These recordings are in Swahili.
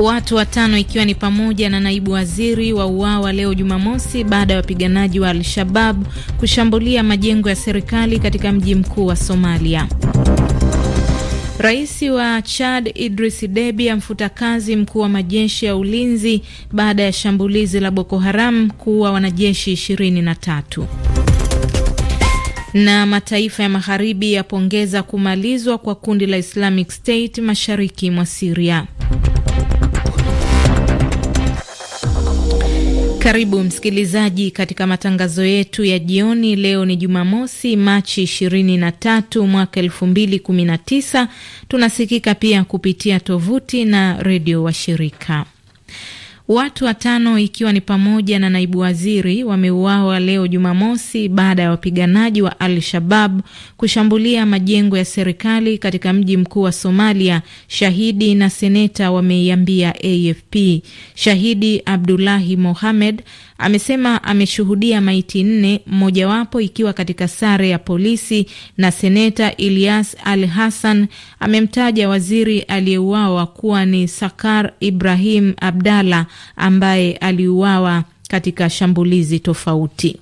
Watu watano ikiwa ni pamoja na naibu waziri wa uawa leo Jumamosi baada ya wapiganaji wa Al-Shabab kushambulia majengo ya serikali katika mji mkuu wa Somalia. Rais wa Chad Idris Deby amfuta kazi mkuu wa majeshi ya ulinzi baada ya shambulizi la Boko Haram kuua wanajeshi 23. Na mataifa ya magharibi yapongeza kumalizwa kwa kundi la Islamic State mashariki mwa Siria. Karibu msikilizaji katika matangazo yetu ya jioni. Leo ni Jumamosi, Machi 23 mwaka 2019. Tunasikika pia kupitia tovuti na redio washirika. Watu watano ikiwa ni pamoja na naibu waziri wameuawa leo Jumamosi baada ya wapiganaji wa Al Shabab kushambulia majengo ya serikali katika mji mkuu wa Somalia, shahidi na seneta wameiambia AFP. Shahidi Abdulahi Mohamed amesema ameshuhudia maiti nne, mmojawapo ikiwa katika sare ya polisi. Na seneta Ilyas Al Hassan amemtaja waziri aliyeuawa kuwa ni Sakar Ibrahim Abdalla ambaye aliuawa katika shambulizi tofauti.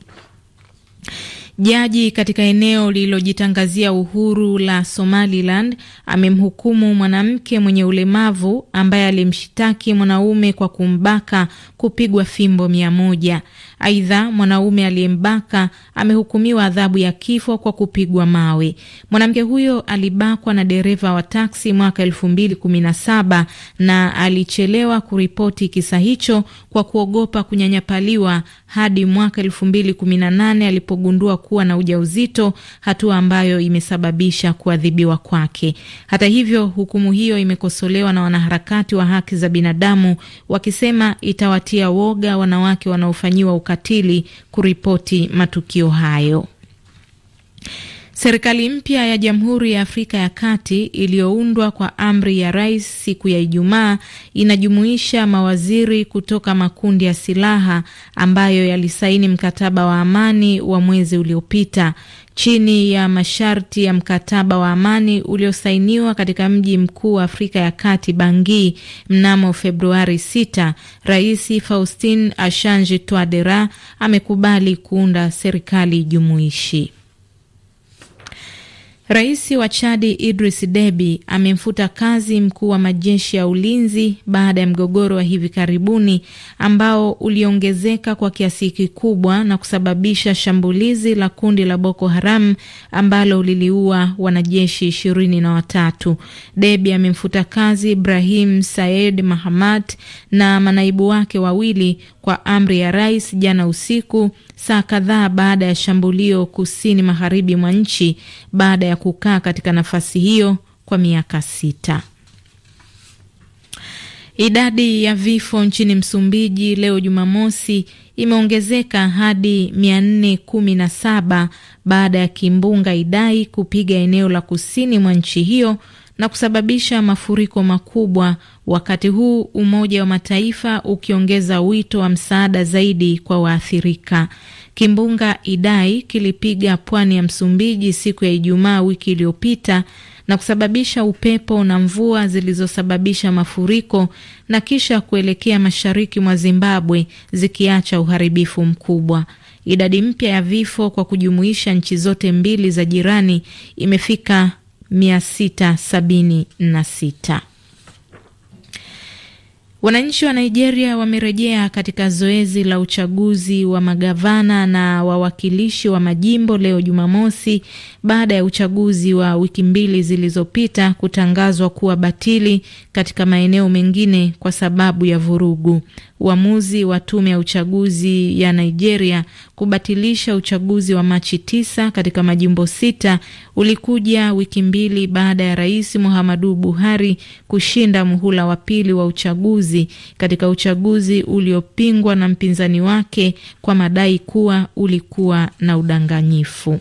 Jaji katika eneo lililojitangazia uhuru la Somaliland amemhukumu mwanamke mwenye ulemavu ambaye alimshitaki mwanaume kwa kumbaka kupigwa fimbo mia moja. Aidha, mwanaume aliyembaka amehukumiwa adhabu ya kifo kwa kupigwa mawe. Mwanamke huyo alibakwa na dereva wa taksi mwaka elfu mbili kumi na saba na alichelewa kuripoti kisa hicho kwa kuogopa kunyanyapaliwa hadi mwaka nane alipogundua kuwa na ujauzito, hatua ambayo imesababisha kuadhibiwa kwake. Hata hivyo, hukumu hiyo imekosolewa na wanaharakati wa haki za binadamu wakisema itawatia woga wanawake wanaofanyiwa ukatili kuripoti matukio hayo. Serikali mpya ya Jamhuri ya Afrika ya Kati iliyoundwa kwa amri ya rais siku ya Ijumaa inajumuisha mawaziri kutoka makundi ya silaha ambayo yalisaini mkataba wa amani wa mwezi uliopita. Chini ya masharti ya mkataba wa amani uliosainiwa katika mji mkuu wa Afrika ya Kati, Bangui, mnamo Februari 6, Rais Faustin Archange Touadera amekubali kuunda serikali jumuishi. Rais wa Chadi Idris debi amemfuta kazi mkuu wa majeshi ya ulinzi baada ya mgogoro wa hivi karibuni ambao uliongezeka kwa kiasi kikubwa na kusababisha shambulizi la kundi la Boko Haram ambalo liliua wanajeshi ishirini na watatu. debi amemfuta kazi Ibrahim Said Mahamat na manaibu wake wawili kwa amri ya rais jana usiku, saa kadhaa baada ya shambulio kusini magharibi mwa nchi baada ya kukaa katika nafasi hiyo kwa miaka sita. Idadi ya vifo nchini Msumbiji leo Jumamosi imeongezeka hadi 417 baada ya kimbunga Idai kupiga eneo la kusini mwa nchi hiyo na kusababisha mafuriko makubwa, wakati huu Umoja wa Mataifa ukiongeza wito wa msaada zaidi kwa waathirika. Kimbunga Idai kilipiga pwani ya Msumbiji siku ya Ijumaa wiki iliyopita na kusababisha upepo na mvua zilizosababisha mafuriko na kisha kuelekea mashariki mwa Zimbabwe zikiacha uharibifu mkubwa. Idadi mpya ya vifo kwa kujumuisha nchi zote mbili za jirani imefika Wananchi wa Nigeria wamerejea katika zoezi la uchaguzi wa magavana na wawakilishi wa majimbo leo Jumamosi, baada ya uchaguzi wa wiki mbili zilizopita kutangazwa kuwa batili katika maeneo mengine kwa sababu ya vurugu uamuzi wa tume ya uchaguzi ya Nigeria kubatilisha uchaguzi wa Machi tisa katika majimbo sita ulikuja wiki mbili baada ya Rais Muhammadu Buhari kushinda muhula wa pili wa uchaguzi katika uchaguzi uliopingwa na mpinzani wake kwa madai kuwa ulikuwa na udanganyifu.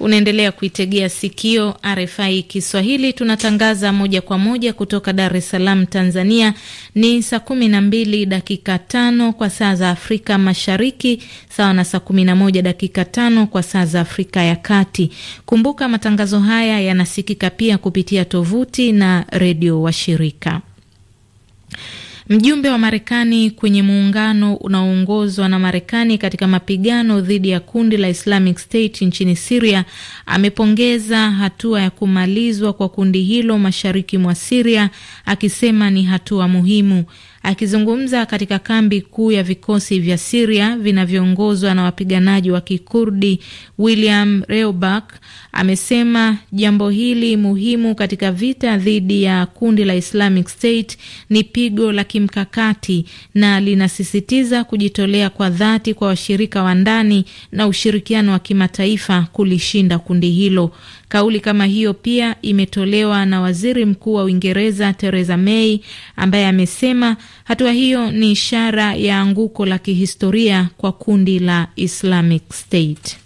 Unaendelea kuitegea sikio RFI Kiswahili, tunatangaza moja kwa moja kutoka Dar es Salaam, Tanzania. Ni saa kumi na mbili dakika tano kwa saa za Afrika Mashariki, sawa na saa kumi na moja dakika tano kwa saa za Afrika ya Kati. Kumbuka matangazo haya yanasikika pia kupitia tovuti na redio washirika. Mjumbe wa Marekani kwenye muungano unaoongozwa na Marekani katika mapigano dhidi ya kundi la Islamic State nchini Siria amepongeza hatua ya kumalizwa kwa kundi hilo mashariki mwa Siria akisema ni hatua muhimu. Akizungumza katika kambi kuu ya vikosi vya Siria vinavyoongozwa na wapiganaji wa Kikurdi, William Reobak amesema jambo hili muhimu katika vita dhidi ya kundi la Islamic State ni pigo la kimkakati na linasisitiza kujitolea kwa dhati kwa washirika wa ndani na ushirikiano wa kimataifa kulishinda kundi hilo. Kauli kama hiyo pia imetolewa na waziri mkuu wa Uingereza Theresa May ambaye amesema hatua hiyo ni ishara ya anguko la kihistoria kwa kundi la Islamic State.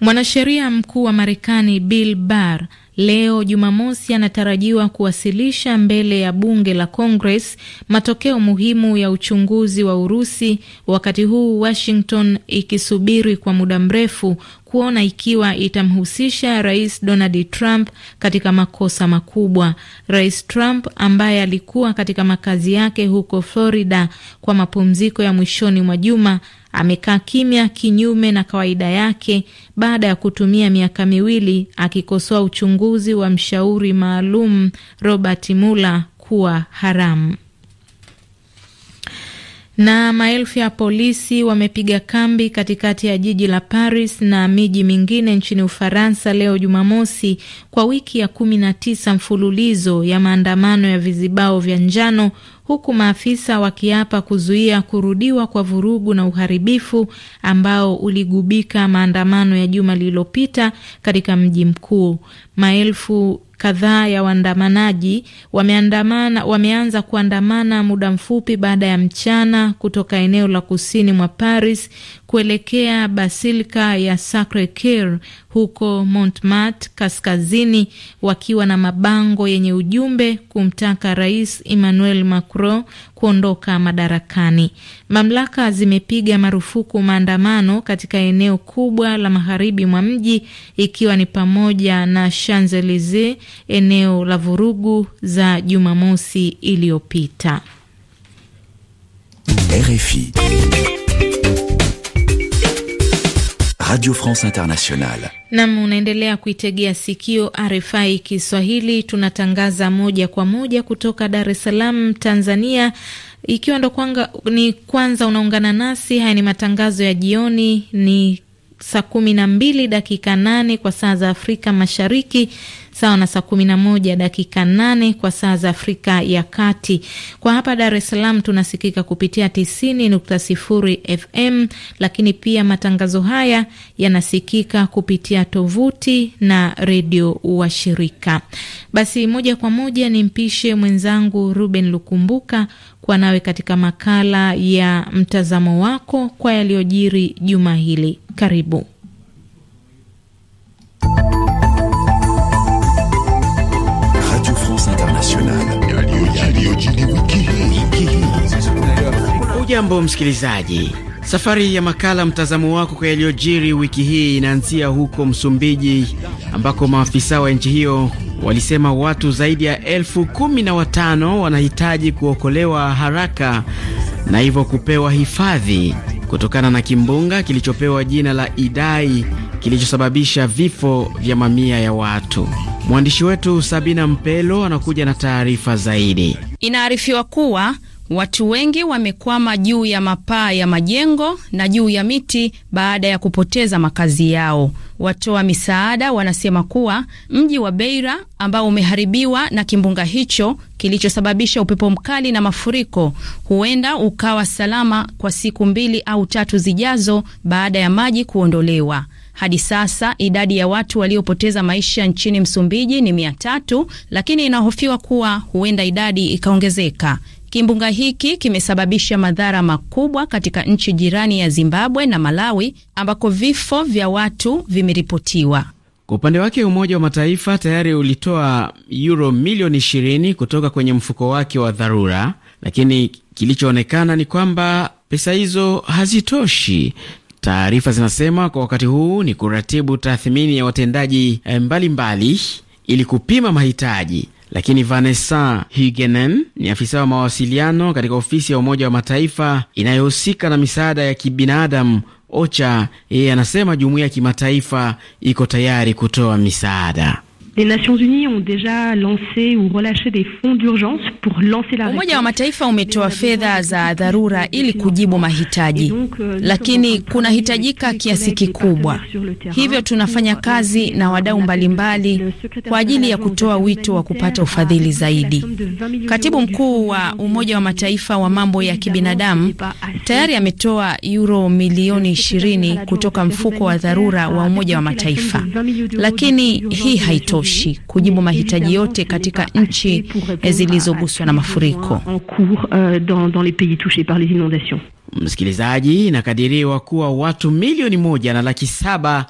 Mwanasheria mkuu wa Marekani Bill Barr leo Jumamosi anatarajiwa kuwasilisha mbele ya bunge la Congress matokeo muhimu ya uchunguzi wa Urusi, wakati huu Washington ikisubiri kwa muda mrefu kuona ikiwa itamhusisha Rais Donald Trump katika makosa makubwa. Rais Trump ambaye alikuwa katika makazi yake huko Florida kwa mapumziko ya mwishoni mwa juma amekaa kimya kinyume na kawaida yake baada ya kutumia miaka miwili akikosoa uchunguzi wa mshauri maalum Robert Mueller kuwa haramu. Na maelfu ya polisi wamepiga kambi katikati ya jiji la Paris na miji mingine nchini Ufaransa leo Jumamosi kwa wiki ya kumi na tisa mfululizo ya maandamano ya vizibao vya njano huku maafisa wakiapa kuzuia kurudiwa kwa vurugu na uharibifu ambao uligubika maandamano ya juma lililopita katika mji mkuu. Maelfu kadhaa ya waandamanaji wameandamana wameanza kuandamana muda mfupi baada ya mchana kutoka eneo la kusini mwa Paris kuelekea Basilika ya Sacre Coeur huko Montmartre kaskazini, wakiwa na mabango yenye ujumbe kumtaka Rais Emmanuel Macron kuondoka madarakani. Mamlaka zimepiga marufuku maandamano katika eneo kubwa la magharibi mwa mji ikiwa ni pamoja na Shanzelize, eneo la vurugu za Jumamosi iliyopita. RFI Radio France Internationale. Nam, unaendelea kuitegea sikio RFI Kiswahili, tunatangaza moja kwa moja kutoka Dar es Salaam, Tanzania. Ikiwa ndo kwanga ni kwanza unaungana nasi, haya ni matangazo ya jioni, ni saa kumi na mbili dakika nane kwa saa za Afrika Mashariki, sawa na saa kumi na moja dakika nane kwa saa za Afrika ya Kati. Kwa hapa Dar es Salaam tunasikika kupitia tisini nukta sifuri FM, lakini pia matangazo haya yanasikika kupitia tovuti na redio wa shirika Basi moja kwa moja ni mpishe mwenzangu Ruben Lukumbuka kuwa nawe katika makala ya mtazamo wako kwa yaliyojiri juma hili. Karibu. Hujambo msikilizaji, safari ya makala mtazamo wako kwa yaliyojiri wiki hii inaanzia huko Msumbiji ambako maafisa wa nchi hiyo walisema watu zaidi ya elfu kumi na watano wanahitaji kuokolewa haraka na hivyo kupewa hifadhi kutokana na kimbunga kilichopewa jina la Idai kilichosababisha vifo vya mamia ya watu. Mwandishi wetu Sabina Mpelo anakuja na taarifa zaidi. Inaarifiwa kuwa Watu wengi wamekwama juu ya mapaa ya majengo na juu ya miti baada ya kupoteza makazi yao. Watoa misaada wanasema kuwa mji wa Beira ambao umeharibiwa na kimbunga hicho kilichosababisha upepo mkali na mafuriko huenda ukawa salama kwa siku mbili au tatu zijazo baada ya maji kuondolewa. Hadi sasa idadi ya watu waliopoteza maisha nchini Msumbiji ni mia tatu, lakini inahofiwa kuwa huenda idadi ikaongezeka. Kimbunga hiki kimesababisha madhara makubwa katika nchi jirani ya Zimbabwe na Malawi ambako vifo vya watu vimeripotiwa. Kwa upande wake Umoja wa Mataifa tayari ulitoa euro milioni 20 kutoka kwenye mfuko wake wa dharura, lakini kilichoonekana ni kwamba pesa hizo hazitoshi. Taarifa zinasema kwa wakati huu ni kuratibu tathmini ya watendaji eh, mbalimbali ili kupima mahitaji lakini Vanessa Hugenen ni afisa wa mawasiliano katika ofisi ya Umoja wa Mataifa inayohusika na misaada ya kibinadamu OCHA. Yeye anasema jumuiya ya kimataifa iko tayari kutoa misaada. Les Nations Unies ont déjà lancé ou relâché des fonds d'urgence pour lancer la Umoja wa Mataifa umetoa fedha za dharura ili kujibu mahitaji, euh, lakini kunahitajika kiasi kikubwa, hivyo tunafanya kazi na wadau mbalimbali kwa ajili ya kutoa wito wa kupata ufadhili zaidi. Katibu mkuu wa Umoja wa Mataifa wa mambo ya kibinadamu tayari ametoa euro milioni 20 kutoka mfuko wa dharura wa Umoja wa Mataifa, lakini hii haito haitoshi kujibu mahitaji yote katika nchi zilizoguswa na mafuriko. Euh, Msikilizaji, inakadiriwa kuwa watu milioni moja na laki saba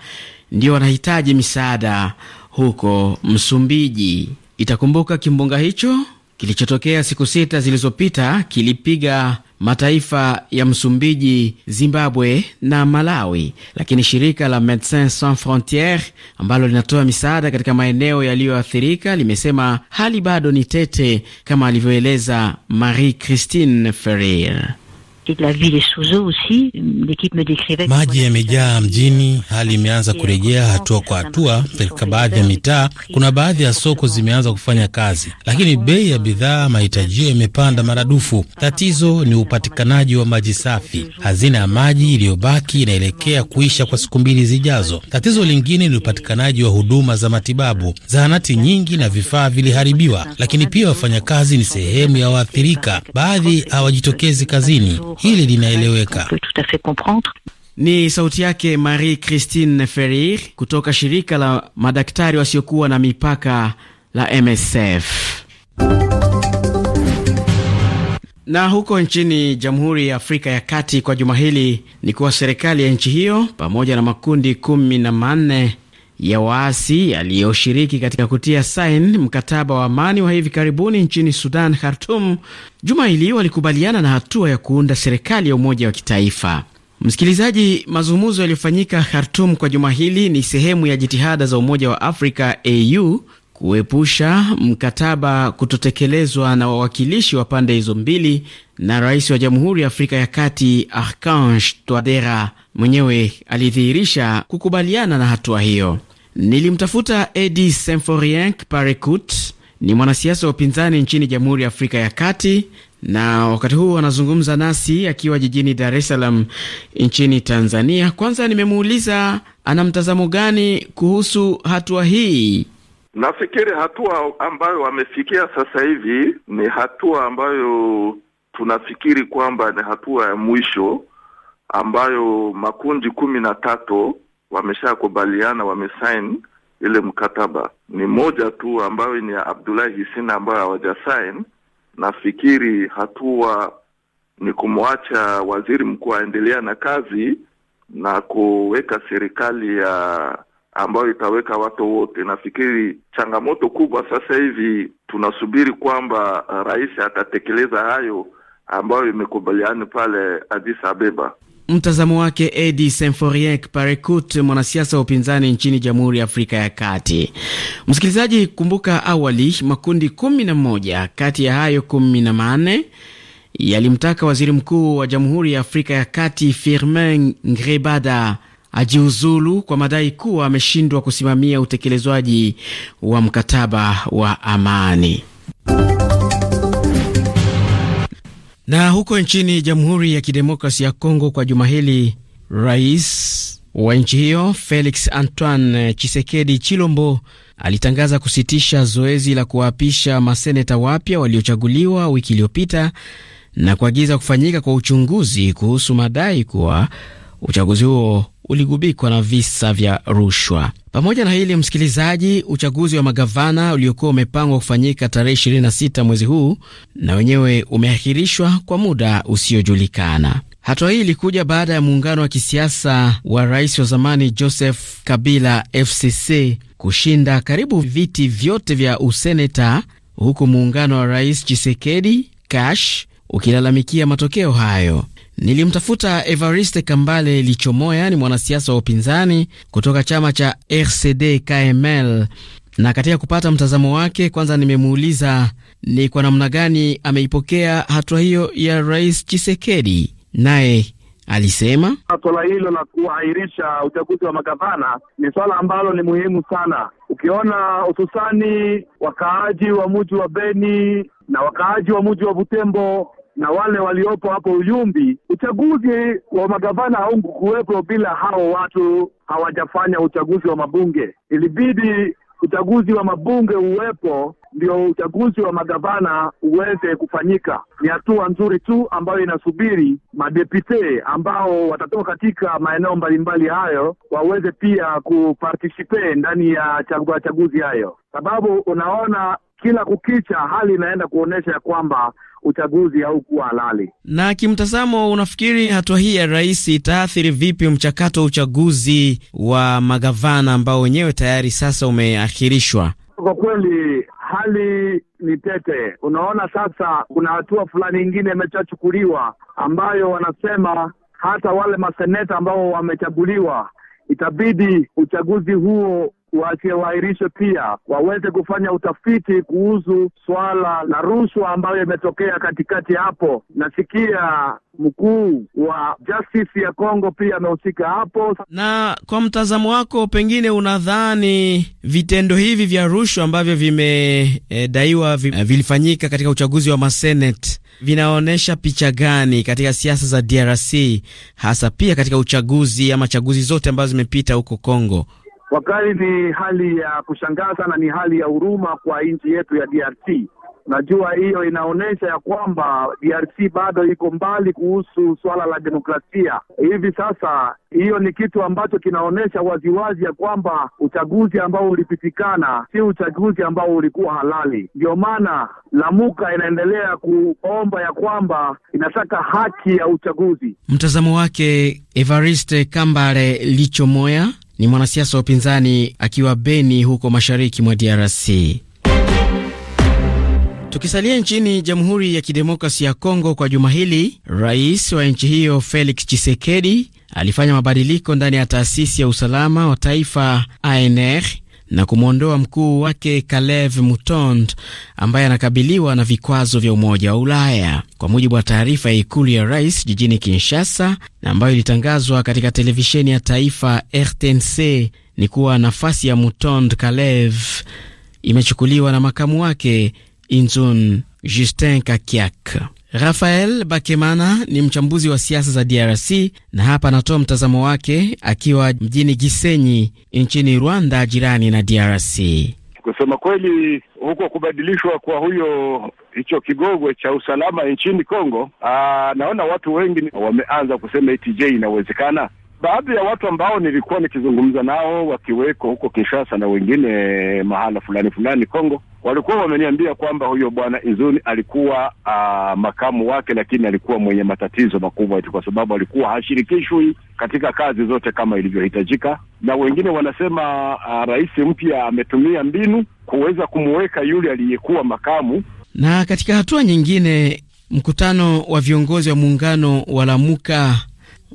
ndio wanahitaji misaada huko Msumbiji. Itakumbuka kimbunga hicho kilichotokea siku sita zilizopita kilipiga mataifa ya Msumbiji, Zimbabwe na Malawi, lakini shirika la Medecins Sans Frontieres ambalo linatoa misaada katika maeneo yaliyoathirika limesema hali bado ni tete, kama alivyoeleza Marie Christine ferrir la vile Suzo aussi me décrivait. Maji yamejaa mjini, hali imeanza kurejea hatua kwa hatua katika baadhi ya mitaa. Kuna baadhi ya soko zimeanza kufanya kazi, lakini bei ya bidhaa mahitajio yamepanda maradufu. Tatizo ni upatikanaji wa maji safi. Hazina ya maji iliyobaki inaelekea kuisha kwa siku mbili zijazo. Tatizo lingine ni upatikanaji wa huduma za matibabu. Zahanati nyingi na vifaa viliharibiwa, lakini pia wafanyakazi ni sehemu ya waathirika. Baadhi hawajitokezi kazini hili linaeleweka. Ni sauti yake Marie Christine ferir kutoka shirika la madaktari wasiokuwa na mipaka la MSF. Na huko nchini Jamhuri ya Afrika ya Kati kwa juma hili ni kuwa serikali ya nchi hiyo pamoja na makundi kumi na manne ya waasi yaliyoshiriki katika kutia sain mkataba wa amani wa hivi karibuni nchini Sudan, Khartum, juma hili walikubaliana na hatua ya kuunda serikali ya umoja wa kitaifa. Msikilizaji, mazungumzo yaliyofanyika Khartum kwa juma hili ni sehemu ya jitihada za Umoja wa Afrika au kuepusha mkataba kutotekelezwa na wawakilishi wa pande hizo mbili na rais wa Jamhuri ya Afrika ya Kati Archange Touadera mwenyewe alidhihirisha kukubaliana na hatua hiyo. Nilimtafuta Edi Semforien Parekut, ni mwanasiasa wa upinzani nchini Jamhuri ya Afrika ya Kati, na wakati huu anazungumza nasi akiwa jijini Dar es Salaam nchini Tanzania. Kwanza nimemuuliza ana mtazamo gani kuhusu hatua hii. Nafikiri hatua ambayo wamefikia sasa hivi ni hatua ambayo tunafikiri kwamba ni hatua ya mwisho ambayo makundi kumi na tatu wameshakubaliana, wamesain ile mkataba. Ni moja tu ambayo ni ya Abdulahi Hisina ambayo hawajasain. Nafikiri hatua ni kumwacha waziri mkuu aendelea na kazi na kuweka serikali ya ambayo itaweka watu wote. Nafikiri changamoto kubwa sasa hivi tunasubiri kwamba rais atatekeleza hayo ambayo imekubaliani pale adis Abeba. Mtazamo wake Edi Semforiek Parekut, mwanasiasa wa upinzani nchini Jamhuri ya Afrika ya Kati. Msikilizaji, kumbuka awali makundi kumi na moja kati ya hayo kumi na manne yalimtaka waziri mkuu wa Jamhuri ya Afrika ya Kati Firmin Ngrebada ajiuzulu kwa madai kuwa ameshindwa kusimamia utekelezwaji wa mkataba wa amani. Na huko nchini Jamhuri ya Kidemokrasi ya Kongo, kwa juma hili rais wa nchi hiyo Felix Antoine Chisekedi Chilombo alitangaza kusitisha zoezi la kuwaapisha maseneta wapya waliochaguliwa wiki iliyopita na kuagiza kufanyika kwa uchunguzi kuhusu madai kuwa uchaguzi huo uligubikwa na visa vya rushwa. Pamoja na hili, msikilizaji, uchaguzi wa magavana uliokuwa umepangwa kufanyika tarehe 26 mwezi huu na wenyewe umeahirishwa kwa muda usiojulikana. Hatua hii ilikuja baada ya muungano wa kisiasa wa rais wa zamani Joseph Kabila FCC kushinda karibu viti vyote vya useneta, huku muungano wa rais Chisekedi Kash ukilalamikia matokeo hayo. Nilimtafuta Evariste Kambale Lichomoya, ni mwanasiasa wa upinzani kutoka chama cha RCD KML, na katika kupata mtazamo wake, kwanza nimemuuliza ni kwa namna gani ameipokea hatua hiyo ya Rais Chisekedi, naye alisema swala hilo la kuahirisha uchaguzi wa magavana ni swala ambalo ni muhimu sana. Ukiona hususani wakaaji wa muji wa Beni na wakaaji wa muji wa Butembo na wale waliopo hapo Uyumbi. Uchaguzi wa magavana kuwepo bila hao watu hawajafanya uchaguzi wa mabunge. Ilibidi uchaguzi wa mabunge uwepo ndio uchaguzi wa magavana uweze kufanyika. Ni hatua nzuri tu ambayo inasubiri madepute ambao watatoka katika maeneo mbalimbali hayo waweze pia kupartisipe ndani ya chagu chaguzi hayo, sababu unaona kila kukicha hali inaenda kuonyesha ya kwamba uchaguzi haukuwa halali. Na kimtazamo, unafikiri hatua hii ya rais itaathiri vipi mchakato wa uchaguzi wa magavana ambao wenyewe tayari sasa umeahirishwa? Kwa kweli hali ni tete. Unaona, sasa kuna hatua fulani ingine imeshachukuliwa ambayo wanasema hata wale maseneta ambao wamechaguliwa itabidi uchaguzi huo wasiwaahirishwe, pia waweze kufanya utafiti kuhusu swala la rushwa ambayo imetokea katikati hapo. Nasikia mkuu wa justice ya Kongo pia amehusika hapo. Na kwa mtazamo wako, pengine unadhani vitendo hivi vya rushwa ambavyo vimedaiwa e, vilifanyika katika uchaguzi wa masenet vinaonyesha picha gani katika siasa za DRC hasa pia katika uchaguzi ama chaguzi zote ambazo zimepita huko Kongo? Wakali ni hali ya kushangaza na ni hali ya huruma kwa nchi yetu ya DRC. Najua hiyo inaonyesha ya kwamba DRC bado iko mbali kuhusu suala la demokrasia hivi sasa. Hiyo ni kitu ambacho kinaonyesha waziwazi ya kwamba uchaguzi ambao ulipitikana si uchaguzi ambao ulikuwa halali. Ndio maana Lamuka inaendelea kuomba ya kwamba inataka haki ya uchaguzi. Mtazamo wake Evariste Kambale Lichomoya ni mwanasiasa wa upinzani akiwa Beni huko mashariki mwa DRC. Tukisalia nchini Jamhuri ya Kidemokrasi ya Kongo kwa juma hili, rais wa nchi hiyo Felix Tshisekedi alifanya mabadiliko ndani ya taasisi ya usalama wa taifa ANR na kumwondoa mkuu wake Kalev Mutond ambaye anakabiliwa na vikwazo vya Umoja wa Ulaya, kwa mujibu wa taarifa ya ikulu ya rais jijini Kinshasa na ambayo ilitangazwa katika televisheni ya taifa RTNC. Ni kuwa nafasi ya Mutond Kalev imechukuliwa na makamu wake Inzun Justin Kakiak. Rafael Bakemana ni mchambuzi wa siasa za DRC na hapa anatoa mtazamo wake akiwa mjini Gisenyi nchini Rwanda, jirani na DRC. Kusema kweli, huko kubadilishwa kwa huyo hicho kigogwe cha usalama nchini Kongo, aa, naona watu wengi wameanza kusema eti je, inawezekana baadhi ya watu ambao nilikuwa nikizungumza nao wakiweko huko Kinshasa na wengine mahala fulani fulani Kongo, walikuwa wameniambia kwamba huyo bwana Izuni alikuwa aa, ah, makamu wake, lakini alikuwa mwenye matatizo makubwa eti kwa sababu alikuwa hashirikishwi katika kazi zote kama ilivyohitajika, na wengine wanasema ah, rais mpya ametumia mbinu kuweza kumuweka yule aliyekuwa makamu. Na katika hatua nyingine, mkutano wa viongozi wa muungano wa Lamuka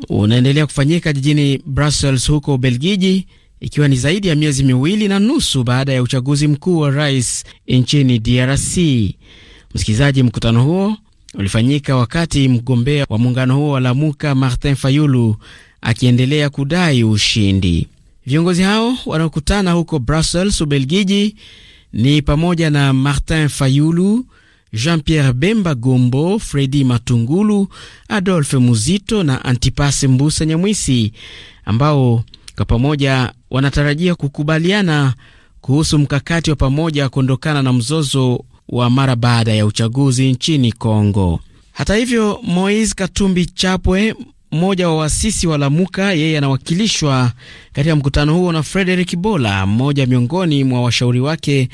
unaendelea kufanyika jijini Brussels huko Ubelgiji, ikiwa ni zaidi ya miezi miwili na nusu baada ya uchaguzi mkuu wa rais nchini DRC. Msikilizaji, mkutano huo ulifanyika wakati mgombea wa muungano huo wa Lamuka Martin Fayulu akiendelea kudai ushindi. Viongozi hao wanaokutana huko Brussels, Ubelgiji ni pamoja na Martin Fayulu Jean-Pierre Bemba Gombo, Fredi Matungulu, Adolphe Muzito na Antipase Mbusa Nyamwisi ambao kwa pamoja wanatarajia kukubaliana kuhusu mkakati wa pamoja kuondokana na mzozo wa mara baada ya uchaguzi nchini Kongo. Hata hivyo, Moise Katumbi Chapwe, mmoja wa wasisi wa Lamuka, yeye anawakilishwa katika mkutano huo na Frederick Bola, mmoja miongoni mwa washauri wake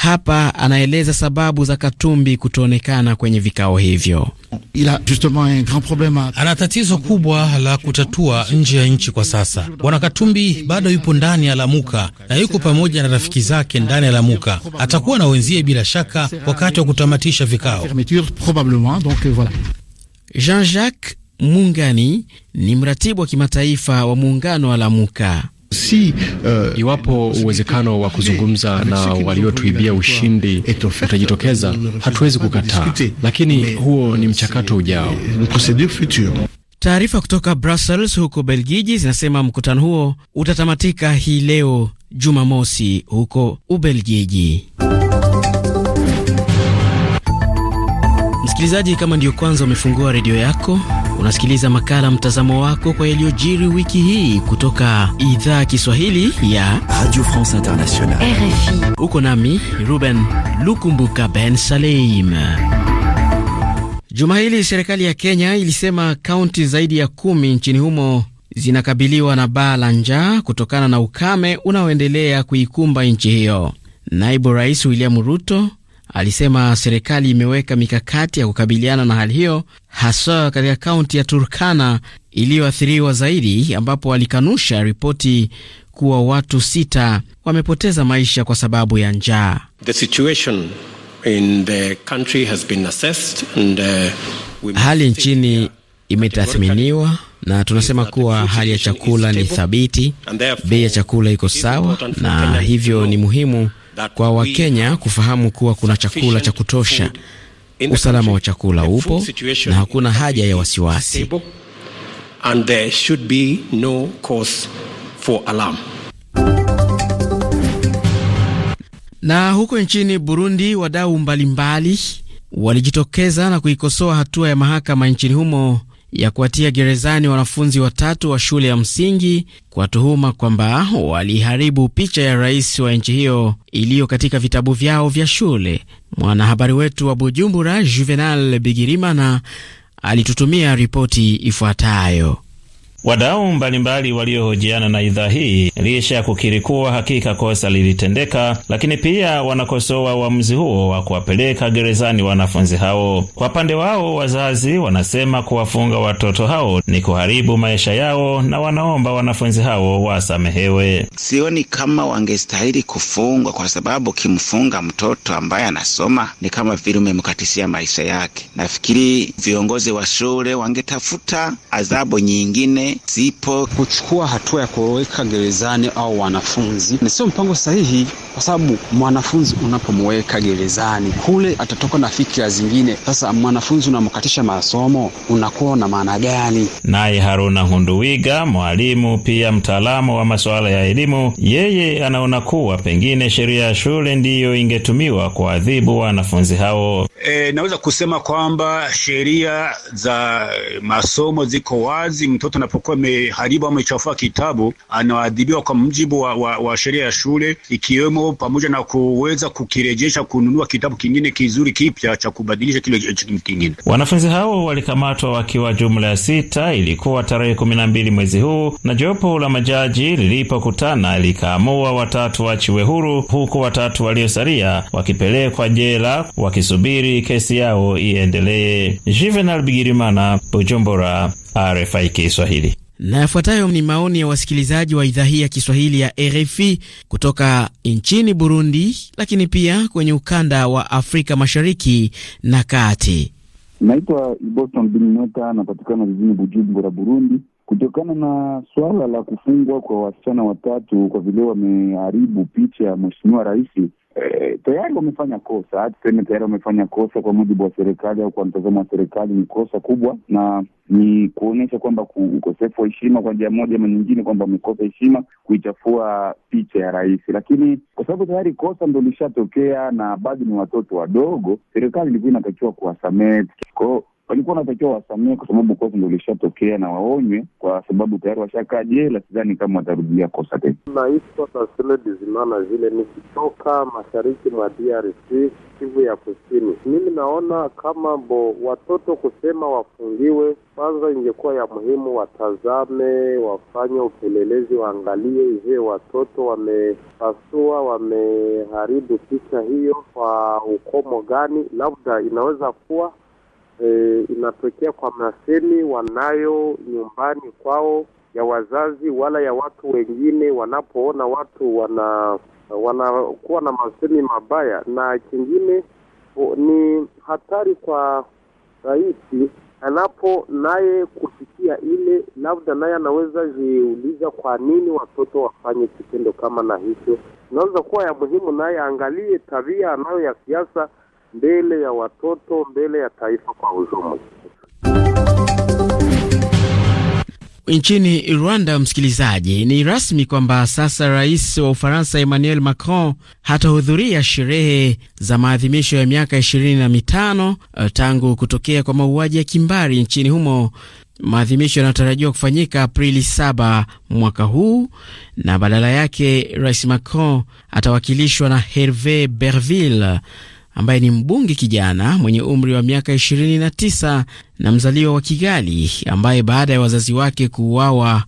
hapa anaeleza sababu za Katumbi kutoonekana kwenye vikao hivyo. Ana tatizo kubwa la kutatua nje ya nchi kwa sasa. Bwana Katumbi bado yupo ndani ya Lamuka na yuko pamoja na rafiki zake ndani ya Lamuka, atakuwa na wenzie bila shaka wakati wa kutamatisha vikao. Euh, Jean-Jacques Mungani ni mratibu wa kimataifa wa muungano wa Lamuka. Si, uh, iwapo uwezekano wa kuzungumza na waliotuibia ushindi utajitokeza, hatuwezi kukataa, lakini huo ni mchakato ujao. Taarifa kutoka Brussels huko Belgiji zinasema mkutano huo utatamatika hii leo Jumamosi huko Ubelgiji. Msikilizaji, kama ndiyo kwanza umefungua redio yako unasikiliza makala mtazamo wako kwa yaliyojiri wiki hii kutoka idhaa Kiswahili ya Radio France Internationale RFI. Uko nami Ruben Lukumbuka Ben Saleim. Juma hili serikali ya Kenya ilisema kaunti zaidi ya kumi nchini humo zinakabiliwa na baa la njaa kutokana na ukame unaoendelea kuikumba nchi hiyo. Naibu Rais William Ruto alisema serikali imeweka mikakati ya kukabiliana na hali hiyo, haswa katika kaunti ya Turkana iliyoathiriwa zaidi, ambapo alikanusha ripoti kuwa watu sita wamepoteza maisha kwa sababu ya njaa. Uh, hali nchini imetathminiwa na tunasema kuwa hali ya chakula ni thabiti, bei ya chakula iko sawa, na hivyo ni muhimu kwa Wakenya kufahamu kuwa kuna chakula cha kutosha, usalama wa chakula upo na hakuna haja ya wasiwasi. And there should be no cause for alarm. Na huko nchini Burundi wadau mbalimbali walijitokeza na kuikosoa hatua ya mahakama nchini humo ya kuwatia gerezani wanafunzi watatu wa shule ya msingi kwa tuhuma kwamba waliharibu picha ya rais wa nchi hiyo iliyo katika vitabu vyao vya shule. Mwanahabari wetu wa Bujumbura, Juvenal Bigirimana, alitutumia ripoti ifuatayo. Wadau mbalimbali waliohojiana na idhaa hii licha ya kukiri kuwa hakika kosa lilitendeka, lakini pia wanakosoa uamuzi huo wa kuwapeleka gerezani wanafunzi hao. Kwa pande wao, wazazi wanasema kuwafunga watoto hao ni kuharibu maisha yao na wanaomba wanafunzi hao wasamehewe. Sioni kama wangestahili kufungwa, kwa sababu kimfunga mtoto ambaye anasoma ni kama vile umemkatisia maisha yake. Nafikiri viongozi wa shule wangetafuta adhabu nyingine zipo. Kuchukua hatua ya kuweka gerezani au wanafunzi ni sio mpango sahihi, kwa sababu mwanafunzi unapomweka gerezani kule atatoka na fikira zingine. Sasa mwanafunzi unamkatisha masomo, unakuwa na maana gani? Naye Haruna Hunduwiga, mwalimu pia mtaalamu wa masuala ya elimu, yeye anaona kuwa pengine sheria ya shule ndiyo ingetumiwa kuadhibu wanafunzi hao. E, naweza kusema kwamba sheria za masomo ziko wazi, mtoto anapo atakuwa ameharibu ama ichafua kitabu anaadhibiwa kwa mjibu wa, wa, wa sheria ya shule, ikiwemo pamoja na kuweza kukirejesha, kununua kitabu kingine kizuri kipya cha kubadilisha kile kingine. Wanafunzi hao walikamatwa wakiwa jumla ya sita. Ilikuwa tarehe kumi na mbili mwezi huu, na jopo la majaji lilipokutana likaamua watatu wachiwe huru, huku watatu waliosalia wakipelekwa jela wakisubiri kesi yao iendelee. Juvenal Bigirimana, Bujumbura. RFI Kiswahili. Na yafuatayo ni maoni ya wasikilizaji wa idhaa hii ya Kiswahili ya RFI kutoka nchini Burundi, lakini pia kwenye ukanda wa Afrika Mashariki na Kati. Naitwa Iboston Binota, anapatikana jijini Bujumbura, Burundi. Kutokana na swala la kufungwa kwa wasichana watatu kwa vile wameharibu picha ya mheshimiwa rais Eh, tayari wamefanya kosa, tuseme tayari wamefanya kosa kwa mujibu wa serikali au kwa mtazamo wa serikali, ni kosa kubwa na ni kuonyesha kwamba ukosefu wa heshima kwa njia moja ama nyingine, kwamba wamekosa heshima kuichafua picha ya rais. Lakini kwa sababu tayari kosa ndo lishatokea na bado ni watoto wadogo, serikali ilikuwa inatakiwa kuwasamehe kwao walikuwa wanatakiwa wasamehe kwa sababu kosa ndo lishatokea na waonywe, kwa sababu tayari washakaa jela. Sidhani kama watarudia kosa tena. Naitwa Kasile Bizimana vile nikitoka mashariki mwa DRC, Kivu ya Kusini. Mimi naona kama bo watoto kusema wafungiwe kwanza, ingekuwa ya muhimu watazame, wafanye upelelezi, waangalie, je, watoto wamepasua, wameharibu picha hiyo kwa ukomo gani? Labda inaweza kuwa e, inatokea kwa masemi wanayo nyumbani kwao ya wazazi wala ya watu wengine, wanapoona watu wana wanakuwa na masemi mabaya. Na kingine ni hatari kwa rahisi anapo naye kusikia ile, labda naye anaweza jiuliza kwa nini watoto wafanye kitendo kama na hicho. Inaweza kuwa ya muhimu naye angalie tabia anayo ya siasa mbele ya watoto, mbele ya taifa kwa ujumla. Nchini Rwanda, msikilizaji, ni rasmi kwamba sasa rais wa Ufaransa Emmanuel Macron hatahudhuria sherehe za maadhimisho ya miaka ishirini na mitano eh, tangu kutokea kwa mauaji ya kimbari nchini humo. Maadhimisho yanayotarajiwa kufanyika Aprili 7 mwaka huu, na badala yake rais Macron atawakilishwa na Herve Berville ambaye ni mbunge kijana mwenye umri wa miaka 29 na mzaliwa wa Kigali, ambaye baada ya wazazi wake kuuawa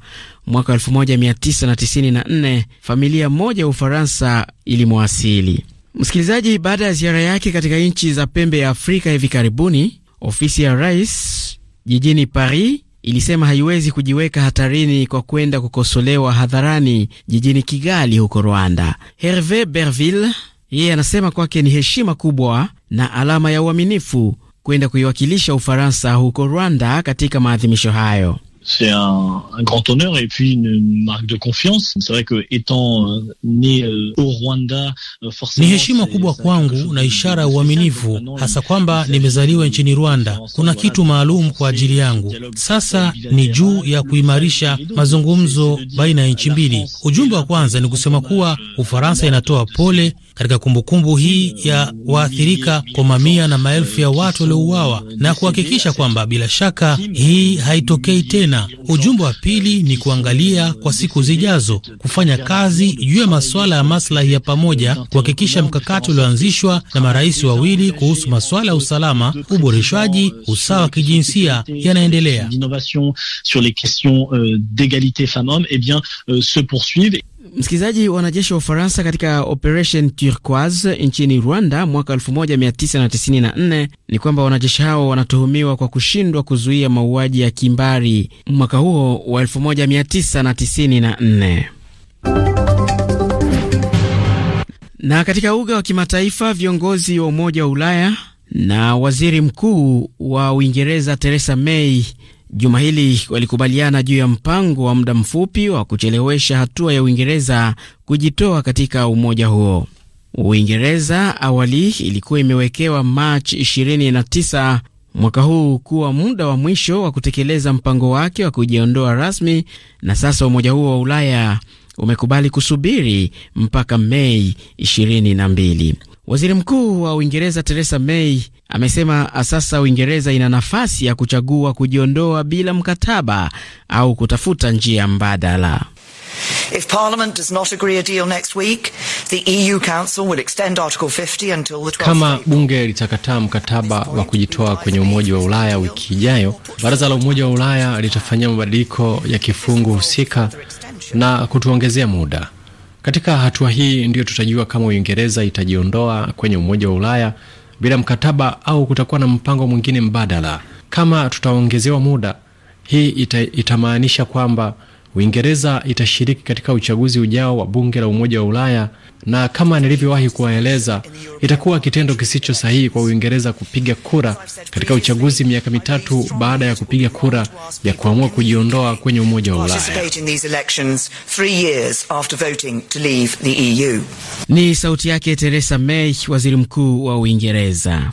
mwaka 1994 familia moja ya Ufaransa ilimwasili. Msikilizaji, baada ya ziara yake katika nchi za pembe ya Afrika hivi karibuni, ofisi ya rais jijini Paris ilisema haiwezi kujiweka hatarini kwa kwenda kukosolewa hadharani jijini Kigali huko Rwanda. Herve Berville yeye anasema kwake ni heshima kubwa na alama ya uaminifu kwenda kuiwakilisha Ufaransa huko Rwanda katika maadhimisho hayo. C'est un, un grand honneur et puis une, marque de confiance. C'est vrai que étant euh, né euh, au Rwanda euh, forcément ni heshima kubwa kwangu na ishara ya uaminifu, hasa kwamba nimezaliwa nchini Rwanda. Kuna kitu maalum kwa ajili yangu. Sasa ni juu ya kuimarisha mazungumzo baina ya nchi mbili. Ujumbe wa kwanza ni kusema kuwa Ufaransa inatoa pole katika kumbukumbu hii ya waathirika kwa mamia na maelfu ya watu waliouawa na kuhakikisha kwamba bila shaka hii haitokei tena. Ujumbe wa pili ni kuangalia kwa siku zijazo, kufanya kazi juu ya masuala ya maslahi ya pamoja, kuhakikisha mkakati ulioanzishwa na marais wawili kuhusu masuala ya usalama, uboreshwaji, usawa wa kijinsia yanaendelea. Msikilizaji, wanajeshi wa Ufaransa katika Operation Turquoise nchini Rwanda mwaka 1994 ni kwamba wanajeshi hao wanatuhumiwa kwa kushindwa kuzuia mauaji ya kimbari mwaka huo wa 1994. Na katika uga wa kimataifa, viongozi wa Umoja wa Ulaya na waziri mkuu wa Uingereza Theresa May juma hili walikubaliana juu ya mpango wa muda mfupi wa kuchelewesha hatua ya Uingereza kujitoa katika umoja huo. Uingereza awali ilikuwa imewekewa Machi 29 mwaka huu kuwa muda wa mwisho wa kutekeleza mpango wake wa kujiondoa rasmi, na sasa umoja huo wa Ulaya umekubali kusubiri mpaka Mei 22. Waziri Mkuu wa Uingereza Theresa May amesema sasa Uingereza ina nafasi ya kuchagua kujiondoa bila mkataba au kutafuta njia mbadala. If Parliament does not agree a deal next week, the EU Council will extend Article 50 until the 12th. Kama bunge litakataa mkataba wa kujitoa kwenye Umoja wa Ulaya wiki ijayo, Baraza la Umoja wa Ulaya litafanyia mabadiliko ya kifungu husika na kutuongezea muda katika hatua hii ndiyo tutajua kama Uingereza itajiondoa kwenye Umoja wa Ulaya bila mkataba au kutakuwa na mpango mwingine mbadala. Kama tutaongezewa muda, hii ita, itamaanisha kwamba Uingereza itashiriki katika uchaguzi ujao wa bunge la Umoja wa Ulaya na kama nilivyowahi kuwaeleza, itakuwa kitendo kisicho sahihi kwa Uingereza kupiga kura katika uchaguzi miaka mitatu baada ya kupiga kura ya kuamua kujiondoa kwenye Umoja wa Ulaya. E Ni sauti yake Theresa May, waziri mkuu wa Uingereza.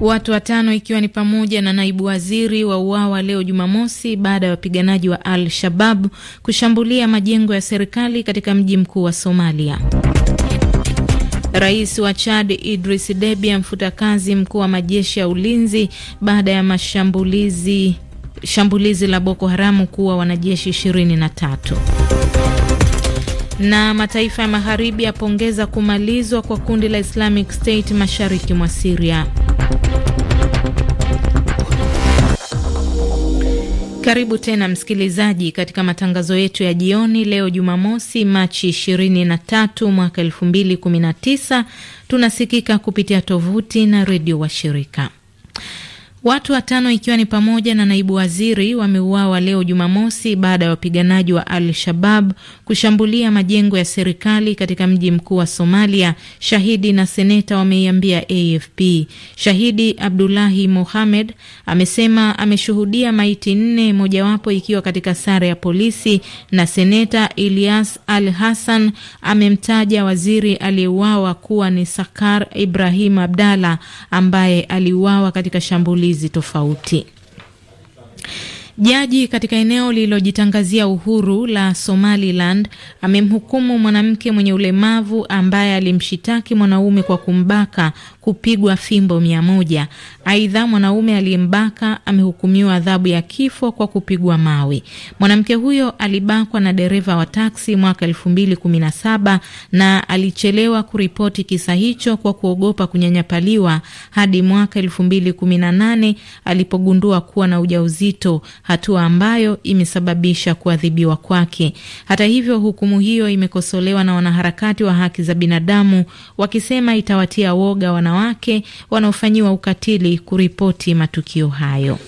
Watu watano ikiwa ni pamoja na naibu waziri wa uawa leo Jumamosi baada ya wapiganaji wa Al Shabab kushambulia majengo ya serikali katika mji mkuu wa Somalia. Rais wa Chad Idris Deby amfuta kazi mkuu wa majeshi ya ulinzi baada ya mashambulizi shambulizi la Boko Haramu kuwa wanajeshi 23. Na mataifa ya magharibi yapongeza kumalizwa kwa kundi la Islamic State mashariki mwa siria Karibu tena msikilizaji, katika matangazo yetu ya jioni leo Jumamosi, Machi 23 mwaka 2019. Tunasikika kupitia tovuti na redio washirika Watu watano ikiwa ni pamoja na naibu waziri wameuawa leo Jumamosi baada ya wapiganaji wa Al Shabab kushambulia majengo ya serikali katika mji mkuu wa Somalia, shahidi na seneta wameiambia AFP. Shahidi Abdullahi Mohamed amesema ameshuhudia maiti nne, mojawapo ikiwa katika sare ya polisi, na seneta ilias Al Hassan amemtaja waziri aliyeuawa kuwa ni Sakar Ibrahim Abdalla ambaye aliuawa katika shambulizi hizi tofauti. Jaji katika eneo lililojitangazia uhuru la Somaliland amemhukumu mwanamke mwenye ulemavu ambaye alimshitaki mwanaume kwa kumbaka kupigwa fimbo mia moja. Aidha, mwanaume aliyembaka amehukumiwa adhabu ya kifo kwa kupigwa mawe. Mwanamke huyo alibakwa na dereva wa taksi mwaka elfu mbili kumi na saba na alichelewa kuripoti kisa hicho kwa kuogopa kunyanyapaliwa hadi mwaka elfu mbili kumi na nane alipogundua kuwa na ujauzito hatua ambayo imesababisha kuadhibiwa kwake. Hata hivyo, hukumu hiyo imekosolewa na wanaharakati wa haki za binadamu wakisema itawatia woga wanawake wanaofanyiwa ukatili kuripoti matukio hayo.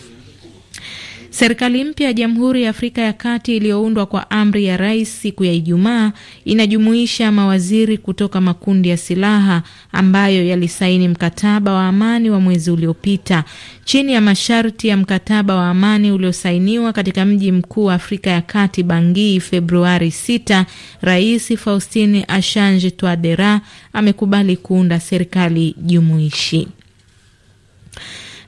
Serikali mpya ya Jamhuri ya Afrika ya Kati iliyoundwa kwa amri ya rais siku ya Ijumaa inajumuisha mawaziri kutoka makundi ya silaha ambayo yalisaini mkataba wa amani wa mwezi uliopita. Chini ya masharti ya mkataba wa amani uliosainiwa katika mji mkuu wa Afrika ya Kati Bangui Februari 6, Rais Faustin Archange Touadera amekubali kuunda serikali jumuishi.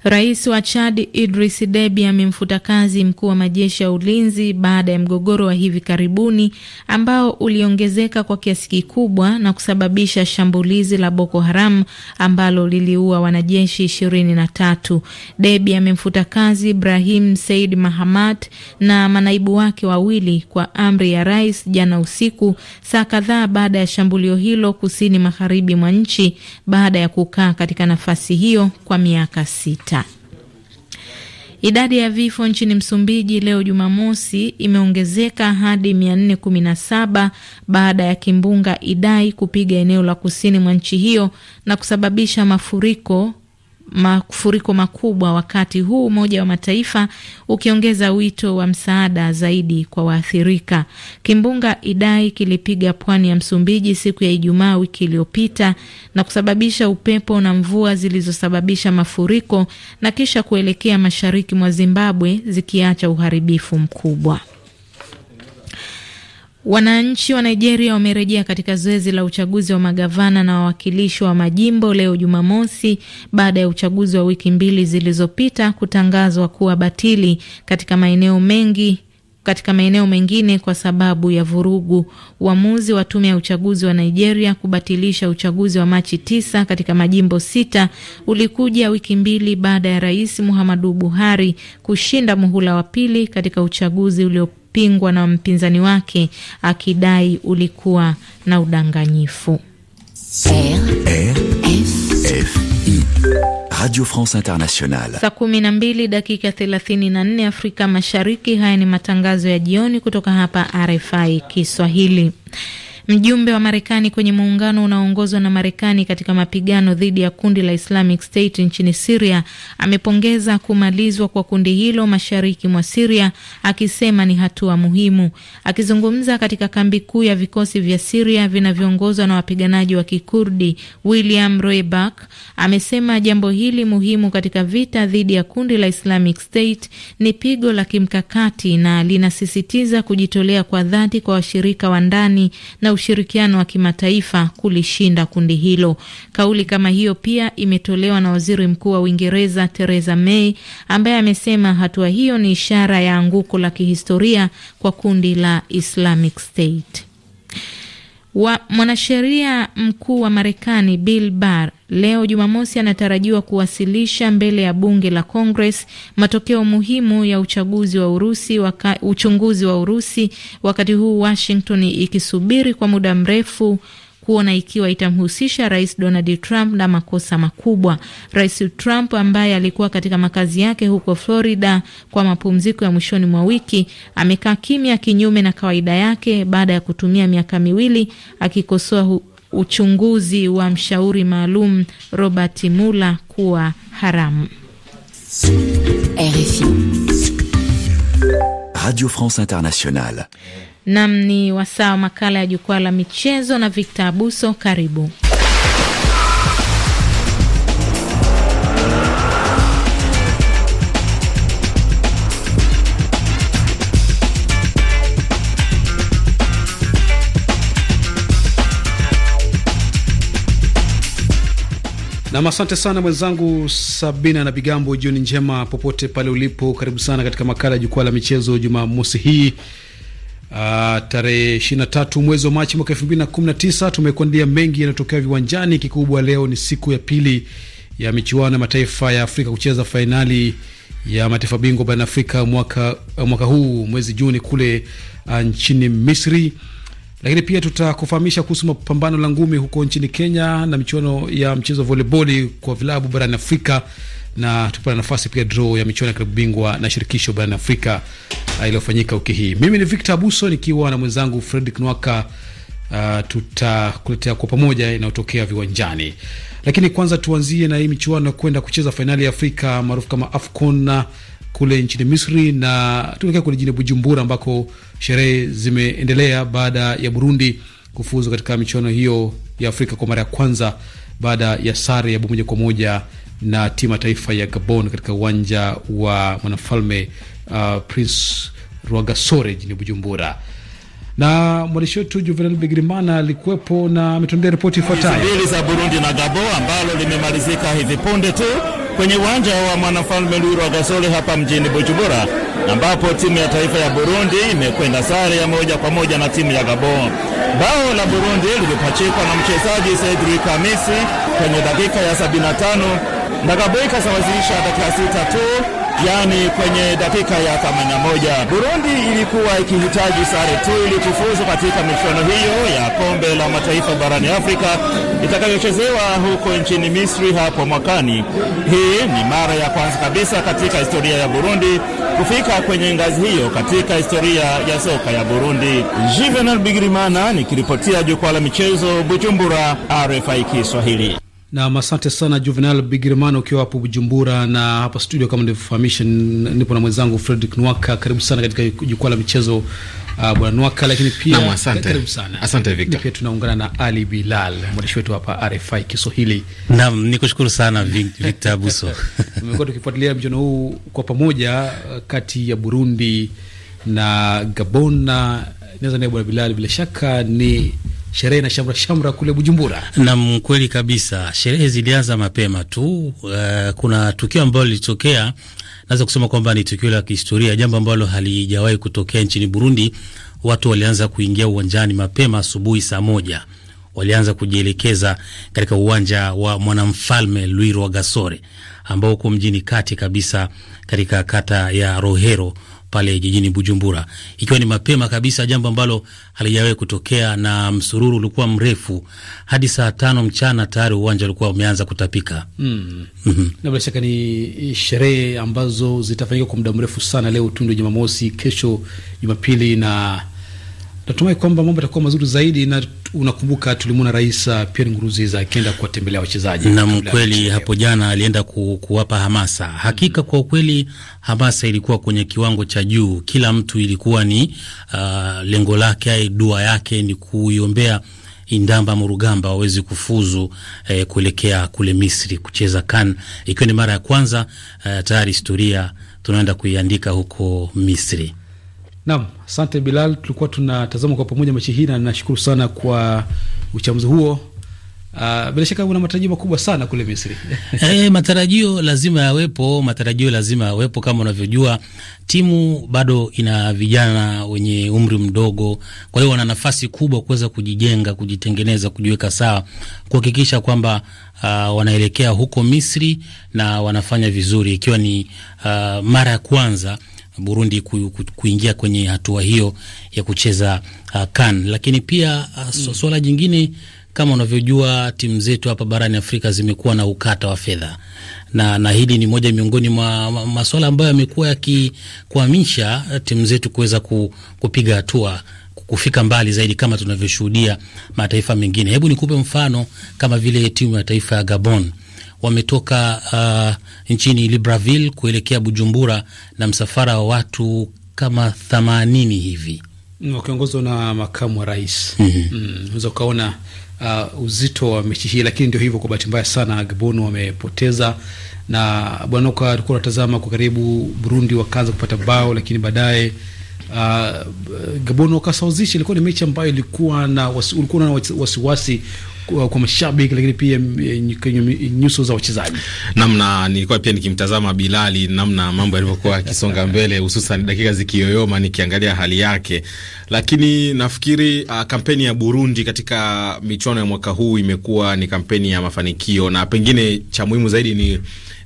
Rais wa Chad Idris Deby amemfuta kazi mkuu wa majeshi ya ulinzi baada ya mgogoro wa hivi karibuni ambao uliongezeka kwa kiasi kikubwa na kusababisha shambulizi la Boko Haram ambalo liliua wanajeshi ishirini na tatu. Deby amemfuta kazi Ibrahim Said Mahamat na manaibu wake wawili kwa amri ya rais jana usiku, saa kadhaa baada ya shambulio hilo kusini magharibi mwa nchi baada ya kukaa katika nafasi hiyo kwa miaka sita. Idadi ya vifo nchini Msumbiji leo Jumamosi imeongezeka hadi 417 baada ya kimbunga Idai kupiga eneo la kusini mwa nchi hiyo na kusababisha mafuriko, mafuriko makubwa, wakati huu Umoja wa Mataifa ukiongeza wito wa msaada zaidi kwa waathirika. Kimbunga Idai kilipiga pwani ya Msumbiji siku ya Ijumaa wiki iliyopita na kusababisha upepo na mvua zilizosababisha mafuriko na kisha kuelekea mashariki mwa Zimbabwe zikiacha uharibifu mkubwa. Wananchi wa Nigeria wamerejea katika zoezi la uchaguzi wa magavana na wawakilishi wa majimbo leo Jumamosi, baada ya uchaguzi wa wiki mbili zilizopita kutangazwa kuwa batili katika maeneo mengi katika maeneo mengine kwa sababu ya vurugu. Uamuzi wa tume ya uchaguzi wa Nigeria kubatilisha uchaguzi wa Machi tisa katika majimbo sita ulikuja wiki mbili baada ya Rais Muhammadu Buhari kushinda muhula wa pili katika uchaguzi uliopita kupingwa na mpinzani wake akidai ulikuwa na udanganyifu. Radio France Internationale. Saa kumi na mbili dakika thelathini na nne Afrika Mashariki. Haya ni matangazo ya jioni kutoka hapa RFI Kiswahili. Mjumbe wa Marekani kwenye muungano unaoongozwa na Marekani katika mapigano dhidi ya kundi la Islamic State nchini Siria amepongeza kumalizwa kwa kundi hilo mashariki mwa Siria akisema ni hatua muhimu. Akizungumza katika kambi kuu ya vikosi vya Siria vinavyoongozwa na wapiganaji wa Kikurdi, William Roebach amesema jambo hili muhimu katika vita dhidi ya kundi la Islamic State ni pigo la kimkakati na linasisitiza kujitolea kwa dhati kwa washirika wa ndani na ushirikiano wa kimataifa kulishinda kundi hilo. Kauli kama hiyo pia imetolewa na waziri mkuu wa Uingereza Theresa May ambaye amesema hatua hiyo ni ishara ya anguko la kihistoria kwa kundi la Islamic State wa mwanasheria mkuu wa Marekani Bill Barr leo Jumamosi anatarajiwa kuwasilisha mbele ya bunge la Congress matokeo muhimu ya uchaguzi wa Urusi waka, uchunguzi wa Urusi wakati huu Washington ikisubiri kwa muda mrefu kuona ikiwa itamhusisha Rais Donald Trump na makosa makubwa. Rais Trump ambaye alikuwa katika makazi yake huko Florida kwa mapumziko ya mwishoni mwa wiki amekaa kimya, kinyume na kawaida yake, baada ya kutumia miaka miwili akikosoa uchunguzi wa mshauri maalum Robert Mueller kuwa haramu. RFI. Radio France Internationale. Nam ni wasaa wa makala ya jukwaa la michezo na Victor Abuso, karibu. Nam, asante sana mwenzangu Sabina na Bigambo. Jioni njema popote pale ulipo, karibu sana katika makala ya jukwaa la michezo Jumamosi hii Uh, tarehe 23 mwezi wa Machi mwaka 2019 tumekuandia mengi yanayotokea viwanjani. Kikubwa leo ni siku ya pili ya michuano ya mataifa ya Afrika kucheza fainali ya mataifa bingwa barani Afrika mwaka, eh, mwaka huu mwezi Juni kule uh, nchini Misri, lakini pia tutakufahamisha kuhusu mapambano la ngumi huko nchini Kenya na michuano ya mchezo wa volleyball kwa vilabu barani Afrika na tupata nafasi pia draw ya michuano ya klabu bingwa na shirikisho barani Afrika ah, iliyofanyika wiki hii. Mimi ni Victor Abuso nikiwa na mwenzangu Fredrick Nwaka. Uh, tutakuletea kwa pamoja inayotokea viwanjani, lakini kwanza tuanzie na hii michuano ya kwenda kucheza fainali ya Afrika maarufu kama AFCON kule nchini Misri, na tuelekea kule jijini Bujumbura ambako sherehe zimeendelea baada ya Burundi kufuzu katika michuano hiyo ya Afrika kwa mara ya kwanza baada ya sare ya bao moja kwa moja na timu ya taifa ya Gabon katika uwanja wa mwanafalme uh, Prince Rwagasore jijini Bujumbura na mwandishi wetu Juvenal Bigirimana alikuwepo na ametuandalia ripoti ifuatayo. Mbili za Burundi na Gabon ambalo limemalizika hivi punde tu kwenye uwanja wa mwanafalme Louis Rwagasore hapa mjini Bujumbura, ambapo timu ya taifa ya Burundi imekwenda sare ya moja kwa moja na timu ya Gabon. Bao la Burundi lilipachikwa na mchezaji Cedric Kamisi kwenye dakika ya 75 Nakaboyika sawazilisha dakika sita tu, yani kwenye dakika ya 81. Burundi ilikuwa ikihitaji sare tu ili kufuzu katika michuano hiyo ya kombe la mataifa barani Afrika itakayochezewa huko nchini Misri hapo mwakani. Hii ni mara ya kwanza kabisa katika historia ya Burundi kufika kwenye ngazi hiyo katika historia ya soka ya Burundi. Juvenal Bigirimana nikiripotia jukwaa la michezo Bujumbura, RFI Kiswahili. Nam, asante sana Juvenal Bigirimana ukiwa hapo Bujumbura. Na hapa studio, kama nilivyofahamisha, nipo na mwenzangu Fredrick Nwaka. Karibu sana katika jukwaa la michezo uh, bwana Nwaka, lakini pia na, asante. Karibu sana. Asante Victor. Pia tunaungana na Ali Bilal, mwandishi wetu hapa RFI Kiswahili. Nam, nikushukuru sana Victor Abuso. Tumekuwa tukifuatilia mchezo huu kwa pamoja uh, kati ya Burundi na Gabon na naweza bwana Bilal, bila shaka ni sherehe na shamra shamra kule Bujumbura. Nam, kweli kabisa, sherehe zilianza mapema tu. Uh, kuna tukio ambalo lilitokea, naweza kusema kwamba ni tukio la kihistoria, jambo ambalo halijawahi kutokea nchini Burundi. Watu walianza kuingia uwanjani mapema asubuhi saa moja, walianza kujielekeza katika uwanja wa Mwanamfalme Louis Rwagasore ambao uko mjini kati kabisa katika kata ya Rohero pale jijini Bujumbura, ikiwa ni mapema kabisa, jambo ambalo halijawahi kutokea, na msururu ulikuwa mrefu hadi saa tano mchana tayari uwanja ulikuwa umeanza kutapika. Mm. Mm -hmm. Mhm. Na bila shaka ni sherehe ambazo zitafanyika kwa muda mrefu sana, leo Tundu Jumamosi, kesho Jumapili na Natumai kwamba mambo yatakuwa mazuri zaidi, na unakumbuka tulimwona Rais uh, Pierre Nkurunziza akienda kuwatembelea wachezaji na mkweli hapo jana alienda ku, kuwapa hamasa hakika. Mm, kwa ukweli hamasa ilikuwa kwenye kiwango cha juu. Kila mtu ilikuwa ni uh, lengo lake, dua yake ni kuiombea Indamba Murugamba wawezi kufuzu eh, kuelekea kule Misri kucheza CHAN ikiwa ni mara ya kwanza eh, tayari historia tunaenda kuiandika huko Misri. Naam, asante Bilal, tulikuwa tunatazama kwa pamoja mechi hii na nashukuru sana kwa uchambuzi huo. Uh, bila shaka una matarajio makubwa sana kule Misri. Hey, eh, matarajio lazima yawepo, matarajio lazima yawepo. Kama unavyojua timu bado ina vijana wenye umri mdogo, kwa hiyo wana nafasi kubwa kuweza kujijenga, kujitengeneza, kujiweka sawa, kuhakikisha kwamba uh, wanaelekea huko Misri na wanafanya vizuri, ikiwa ni uh, mara ya kwanza Burundi ku, ku, kuingia kwenye hatua hiyo ya kucheza uh, CAN. Lakini pia uh, mm. swala mm. jingine kama unavyojua timu zetu hapa barani Afrika zimekuwa na ukata wa fedha na, na hili ni moja miongoni mwa masuala ambayo yamekuwa yakikwamisha uh, timu zetu kuweza ku, kupiga hatua kufika mbali zaidi kama tunavyoshuhudia mataifa mengine. Hebu nikupe mfano kama vile timu ya taifa ya Gabon wametoka uh, nchini Libreville kuelekea Bujumbura na msafara wa watu kama themanini hivi mm, wakiongozwa na makamu wa rais. Mhm. Mm, unaweza mm -hmm. ukaona uh, uzito wa mechi hii, lakini ndio hivyo, kwa bahati mbaya sana Gabon wamepoteza na bwana alikuwa anatazama kwa karibu, Burundi wakaanza kupata bao, lakini baadaye uh, Gabon wakasawazisha. Ilikuwa ni mechi ambayo ilikuwa na wasi, wasi, na wasiwasi kwa, kwa mashabiki lakini pia eh, kwenye nyuso za wachezaji. Namna nilikuwa pia nikimtazama Bilali, namna mambo yalivyokuwa akisonga mbele, hususan dakika zikiyoyoma, nikiangalia hali yake. Lakini nafikiri uh, kampeni ya Burundi katika michuano ya mwaka huu imekuwa ni kampeni ya mafanikio na pengine cha muhimu zaidi ni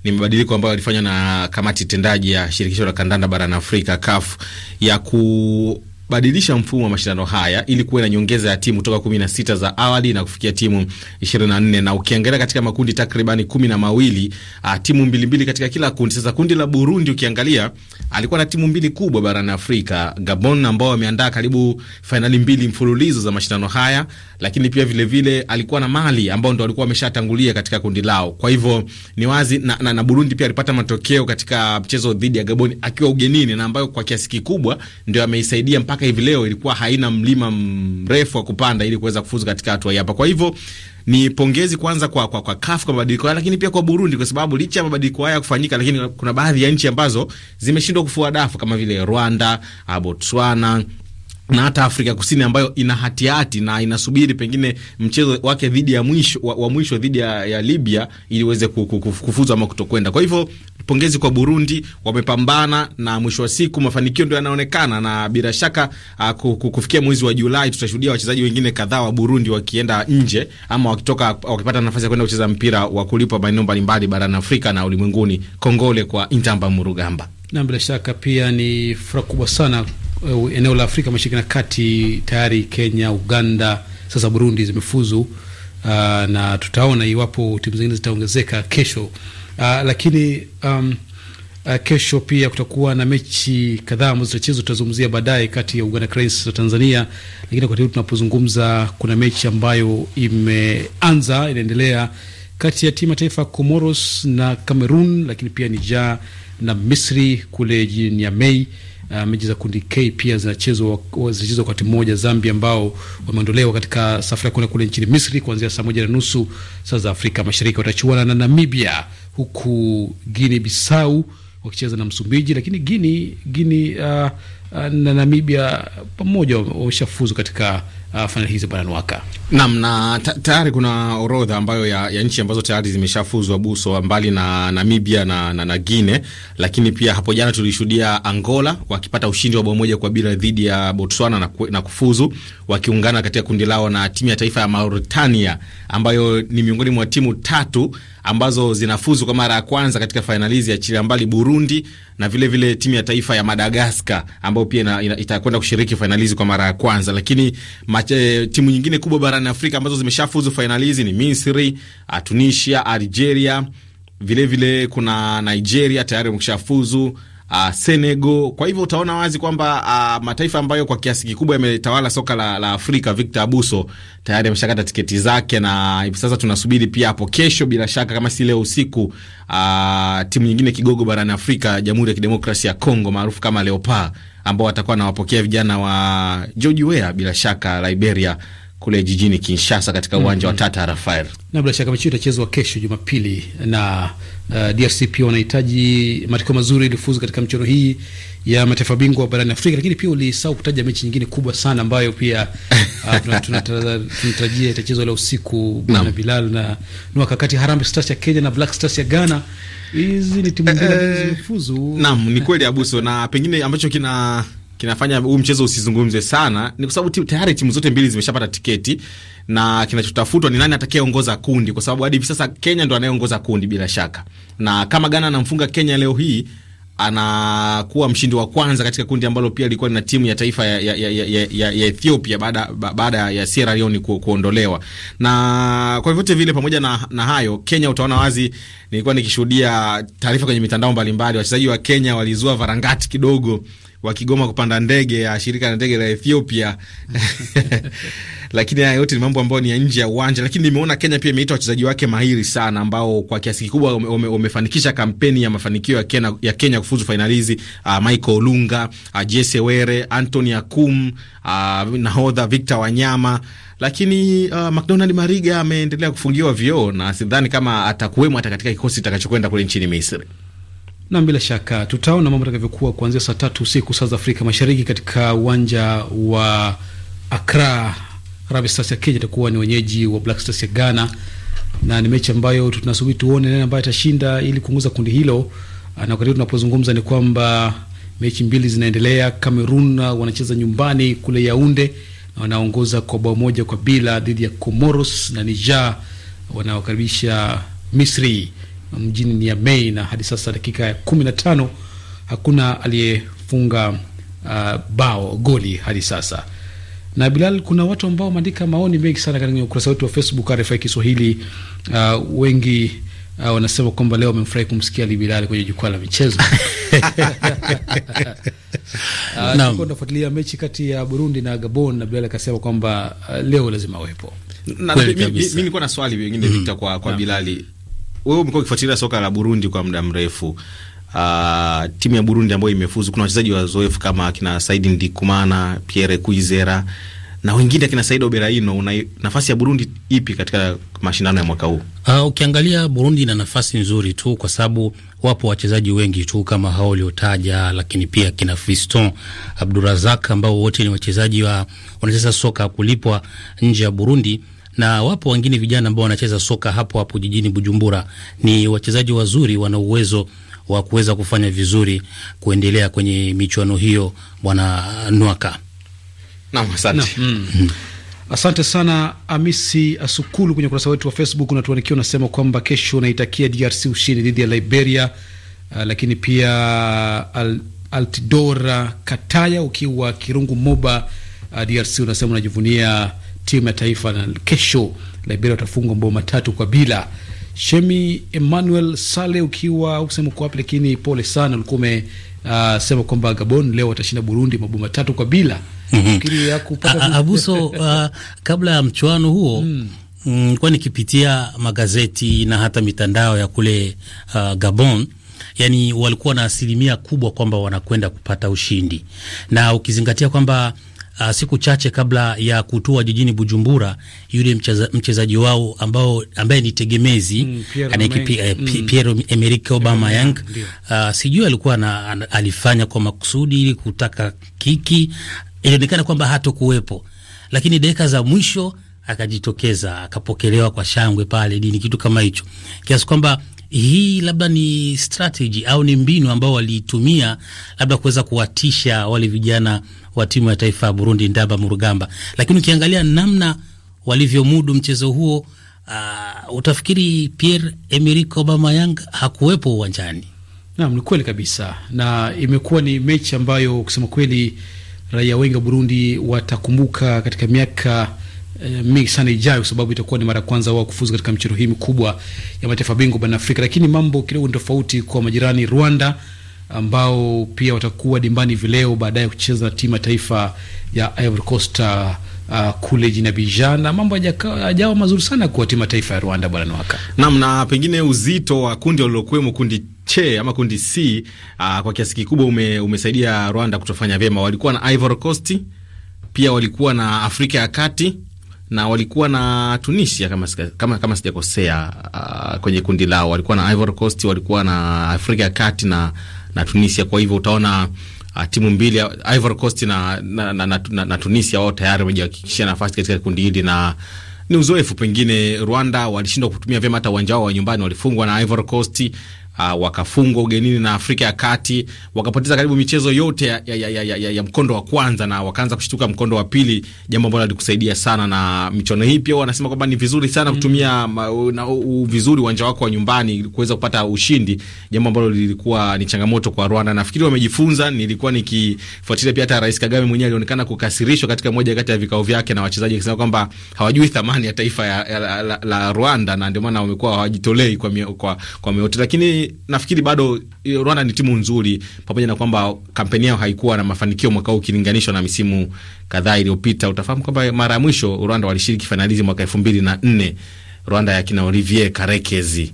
ni mabadiliko ambayo yalifanywa na kamati tendaji ya shirikisho la kandanda barani Afrika CAF ya ku badilisha mfumo wa mashindano haya ili kuwe na nyongeza ya timu kutoka 16 za awali na kufikia timu 24. Na ukiangalia katika makundi takribani kumi na mawili, ah, timu mbili mbili katika kila kundi. Sasa kundi la Burundi ukiangalia alikuwa na timu mbili kubwa barani Afrika, Gabon ambao wameandaa karibu fainali mbili mfululizo za mashindano haya, lakini pia vilevile vile alikuwa na Mali ambao ndo walikuwa wameshatangulia katika kundi lao. Kwa hivyo ni wazi na, na, na Burundi pia alipata matokeo katika mchezo dhidi ya Gabon akiwa ugenini na ambayo kwa kiasi kikubwa ndio ameisaidia mpaka mpaka hivi leo ilikuwa haina mlima mrefu wa kupanda ili kuweza kufuzu katika hatua hii hapa. Kwa hivyo ni pongezi kwanza kwa kwa, kwa CAF kwa mabadiliko haya, lakini pia kwa Burundi kwa sababu licha ya mabadiliko haya kufanyika, lakini kuna baadhi ya nchi ambazo zimeshindwa kufua dafu kama vile Rwanda, Botswana na hata Afrika Kusini ambayo ina hatihati na inasubiri pengine mchezo wake dhidi ya mwisho wa, wa mwisho dhidi ya, ya Libya ili iweze kufuzu ama kutokwenda. Kwa hivyo pongezi kwa Burundi, wamepambana na mwisho wa siku mafanikio ndio yanaonekana, na bila shaka uh, kufikia mwezi wa Julai tutashuhudia wachezaji wengine kadhaa wa Burundi wakienda nje ama wakitoka wakipata nafasi ya kwenda kucheza mpira wa kulipa maeneo mbalimbali barani Afrika na ulimwenguni. Kongole kwa Intamba Murugamba. Na bila shaka pia ni furaha kubwa sana Eh, eneo la Afrika Mashariki na Kati tayari Kenya, Uganda, sasa Burundi zimefuzu uh, na tutaona iwapo timu zingine zitaongezeka kesho uh, lakini um, uh, kesho pia kutakuwa na mechi kadhaa ambazo zitachezwa, tutazungumzia baadaye, kati ya Uganda Cranes na Tanzania. Lakini wakati huu tunapozungumza, kuna mechi ambayo imeanza inaendelea kati ya timu ya taifa Comoros na Cameroon, lakini pia Niger na Misri kule jijini Niamey. Uh, mechi za kundi K pia zinachezwa wakati mmoja, Zambia ambao wameondolewa katika safari ya kwenda kule nchini Misri kuanzia saa moja na nusu saa za Afrika Mashariki. Watachuana na Namibia, huku Guinea Bissau wakicheza na Msumbiji, lakini Guinea uh, uh, na Namibia pamoja wameshafuzu katika uh, fainali hizo barani Waka. nam na tayari kuna orodha ambayo ya, ya nchi ambazo tayari zimeshafuzwa buso, mbali na Namibia na, na, na Guine, lakini pia hapo jana tulishuhudia Angola wakipata ushindi wa bao moja kwa bila dhidi ya Botswana na, na kufuzu wakiungana katika kundi lao na timu ya taifa ya Mauritania ambayo ni miongoni mwa timu tatu ambazo zinafuzu kwa mara ya kwanza katika fainali hizi, achilia mbali Burundi na vilevile vile timu ya taifa ya Madagaskar ambayo pia itakwenda kushiriki fainali hizi kwa mara ya kwanza, lakini ma Eh, timu nyingine kubwa barani Afrika ambazo zimeshafuzu fainali hizi ni Misri, ah, Tunisia, Algeria, vilevile vile kuna Nigeria tayari wameshafuzu uh, ah, Senegal. Kwa hivyo utaona wazi kwamba uh, mataifa ambayo kwa kiasi kikubwa yametawala soka la, la Afrika, Victor Abuso tayari ameshakata tiketi zake, na hivi sasa tunasubiri pia hapo kesho, bila shaka kama si leo usiku, uh, timu nyingine kigogo barani Afrika, Jamhuri ya Kidemokrasia ya Kongo maarufu kama Leopard, ambao watakuwa nawapokea vijana wa George Weah bila shaka Liberia kule jijini Kinshasa katika mm-hmm. uwanja mm -hmm. wa Tata Rafael. Na bila shaka mechi itachezwa kesho Jumapili na uh, DRC pia wanahitaji matokeo mazuri ilifuzu katika mchoro hii ya mataifa bingwa barani Afrika, lakini pia ulisahau kutaja mechi nyingine kubwa sana ambayo pia uh, tunatarajia itachezwa leo usiku bwana Bilal, na ni wakakati Harambee Stars ya Kenya na Black Stars ya Ghana. Hizi ni timu mbili eh, zimefuzu. Naam, ni kweli Abuso, na pengine ambacho kina kinafanya huu mchezo usizungumze sana ni kwa sababu tayari timu zote mbili zimeshapata tiketi na kinachotafutwa ni nani atakayeongoza kundi, kwa sababu hadi hivi sasa Kenya ndo anayeongoza kundi bila shaka, na kama Ghana anamfunga Kenya leo hii anakuwa mshindi wa kwanza katika kundi ambalo pia lilikuwa lina timu ya taifa ya, ya, ya, ya, ya Ethiopia baada baada ya Sierra Leone ku, kuondolewa. Na kwa vyote vile, pamoja na, na hayo, Kenya utaona wazi, nilikuwa nikishuhudia taarifa kwenye mitandao mbalimbali, wachezaji wa Kenya walizua varangati kidogo wakigoma kupanda ndege ya shirika la ndege la Ethiopia lakini haya yote ni mambo ambayo ni ya nje ya uwanja. Lakini nimeona Kenya pia imeita wachezaji wake mahiri sana ambao kwa kiasi kikubwa wamefanikisha ume, kampeni ya mafanikio ya Kenya, ya Kenya kufuzu fainali hizi uh, ah, Michael Olunga uh, Jesse Were, Anthony Akum uh, nahodha Victor Wanyama lakini uh, McDonald Mariga ameendelea kufungiwa vioo na sidhani kama atakuwemo hata katika kikosi itakachokwenda kule nchini Misri na bila shaka tutaona mambo atakavyokuwa kuanzia saa tatu usiku saa za Afrika Mashariki katika uwanja wa Akra. Harambee Stars ya Kenya itakuwa ni wenyeji wa Black Stars ya Ghana, na ni mechi ambayo tunasubiri tuone nani ambaye atashinda ili kuongoza kundi hilo. Na wakati tunapozungumza ni kwamba mechi mbili zinaendelea. Cameroon wanacheza nyumbani kule Yaunde na wanaongoza kwa bao moja kwa bila dhidi ya Comoros, na Niger wanaokaribisha Misri mjini Niamey, na hadi sasa dakika ya kumi na tano hakuna aliyefunga uh, bao goli hadi sasa. Na Bilal, kuna watu ambao wameandika maoni mengi sana katika ukurasa wetu wa Facebook RFI Kiswahili. Uh, wengi uh, wanasema kwamba leo wamefurahi kumsikia Ali Bilal kwenye jukwaa la michezo. Nafuatilia uh, mechi kati ya Burundi na Gabon, na Bilali akasema kwamba uh, leo lazima awepo. Mimi nilikuwa na swali pengine mm-hmm. Victor, kwa, kwa Bilali wewe umekuwa ukifuatilia soka la Burundi kwa muda mrefu. Uh, timu ya Burundi ambayo imefuzu, kuna wachezaji wazoefu kama kina Saidi Ndikumana, Pierre Kuizera na wengine akina Said Oberaino. Una nafasi ya Burundi ipi katika mashindano ya mwaka huu? Uh, ukiangalia Burundi ina nafasi nzuri tu, kwa sababu wapo wachezaji wengi tu kama hao waliotaja, lakini pia kina Fiston Abdurazak ambao wote ni wachezaji wa wanacheza soka kulipwa nje ya Burundi na wapo wengine vijana ambao wanacheza soka hapo hapo jijini Bujumbura. Ni wachezaji wazuri, wana uwezo wa kuweza kufanya vizuri, kuendelea kwenye michuano hiyo. Bwana Nwaka, naam, asante Na, mm. mm. Asante sana Amisi Asukulu kwenye ukurasa wetu wa Facebook unatuandikia unasema kwamba kesho unaitakia DRC ushindi dhidi ya Liberia. Uh, lakini pia Al Altidora Kataya ukiwa Kirungu Moba, uh, DRC unasema unajivunia timu ya taifa na kesho Liberia watafungwa mabao matatu kwa bila. Shemi Emmanuel Sale, ukiwa ukusema uko wapi, lakini pole sana, ulikuwa umesema uh, kwamba Gabon leo watashinda Burundi mabao matatu kwa bila. mm -hmm. Abuso uh, kabla ya mchuano huo mm. mm nikipitia magazeti na hata mitandao ya kule uh, Gabon, yani walikuwa na asilimia kubwa kwamba wanakwenda kupata ushindi, na ukizingatia kwamba uh, siku chache kabla ya kutua jijini Bujumbura, yule mchezaji mcheza wao ambao ambaye ni tegemezi mm, Pierre eh, mm, Emerick Aubameyang yeah, uh, sijui alikuwa na, alifanya kwa makusudi ili kutaka kiki, ilionekana kwamba hato kuwepo lakini dakika za mwisho akajitokeza akapokelewa kwa shangwe pale ni kitu kama hicho kiasi kwamba hii labda ni strategy au ni mbinu ambao waliitumia labda kuweza kuwatisha wale vijana wa timu ya taifa ya Burundi Ndaba Murugamba, lakini ukiangalia namna walivyomudu mchezo huo uh, utafikiri Pierre Emerick Aubameyang hakuwepo uwanjani. Naam, ni kweli kabisa, na imekuwa ni mechi ambayo kusema kweli raia wengi wa Burundi watakumbuka katika miaka Eh, mingi sana ijayo, kwa sababu itakuwa ni mara ya kwanza wao kufuzu katika michezo hii mikubwa ya mataifa bingwa barani Afrika. Lakini mambo kidogo ni tofauti kwa majirani Rwanda ambao pia watakuwa dimbani vileo baadaye kucheza timu ya taifa ya Ivory Coast uh, kule jina Bijana. Mambo hajawa mazuri sana kwa timu ya taifa ya Rwanda bwana Nwaka. Naam, na pengine uzito wa kundi walilokuwemo kundi che ama kundi C uh, kwa kiasi kikubwa ume, umesaidia Rwanda kutofanya vyema. Walikuwa na Ivory Coast, pia walikuwa na Afrika ya Kati na walikuwa na Tunisia kama, kama, kama sijakosea uh, kwenye kundi lao walikuwa na Ivory Coast, walikuwa na Afrika ya Kati na, na Tunisia. Kwa hivyo utaona uh, timu mbili Ivory Coast na, na, na, na, na, na Tunisia wao tayari wamejihakikishia nafasi katika kundi hili na ni uzoefu. Pengine Rwanda walishindwa kutumia vyema hata uwanja wao wa nyumbani, walifungwa na Ivory Coast uh, wakafungwa ugenini na Afrika ya Kati, wakapoteza karibu michezo yote ya, ya, ya, ya, ya ya mkondo wa kwanza na wakaanza kushtuka mkondo wa pili, jambo ambalo alikusaidia sana. Na michuano hii pia wanasema kwamba ni vizuri sana kutumia mm, kutumia na vizuri uwanja wako wa nyumbani kuweza kupata ushindi, jambo ambalo lilikuwa ni changamoto kwa Rwanda. Nafikiri wamejifunza. Nilikuwa nikifuatilia pia, hata Rais Kagame mwenyewe alionekana kukasirishwa katika moja kati ya vikao vyake na wachezaji akisema kwamba hawajui thamani ya taifa ya, ya, la, la, la Rwanda na ndio maana wamekuwa hawajitolei kwa, kwa, kwa meote lakini nafikiri bado Rwanda ni timu nzuri, pamoja na kwamba kampeni yao haikuwa na mafanikio mwaka huu ukilinganishwa na misimu kadhaa iliyopita. Utafahamu kwamba mara ya mwisho Rwanda walishiriki fainalizi mwaka elfu mbili na nne Rwanda ya kina Olivier Karekezi.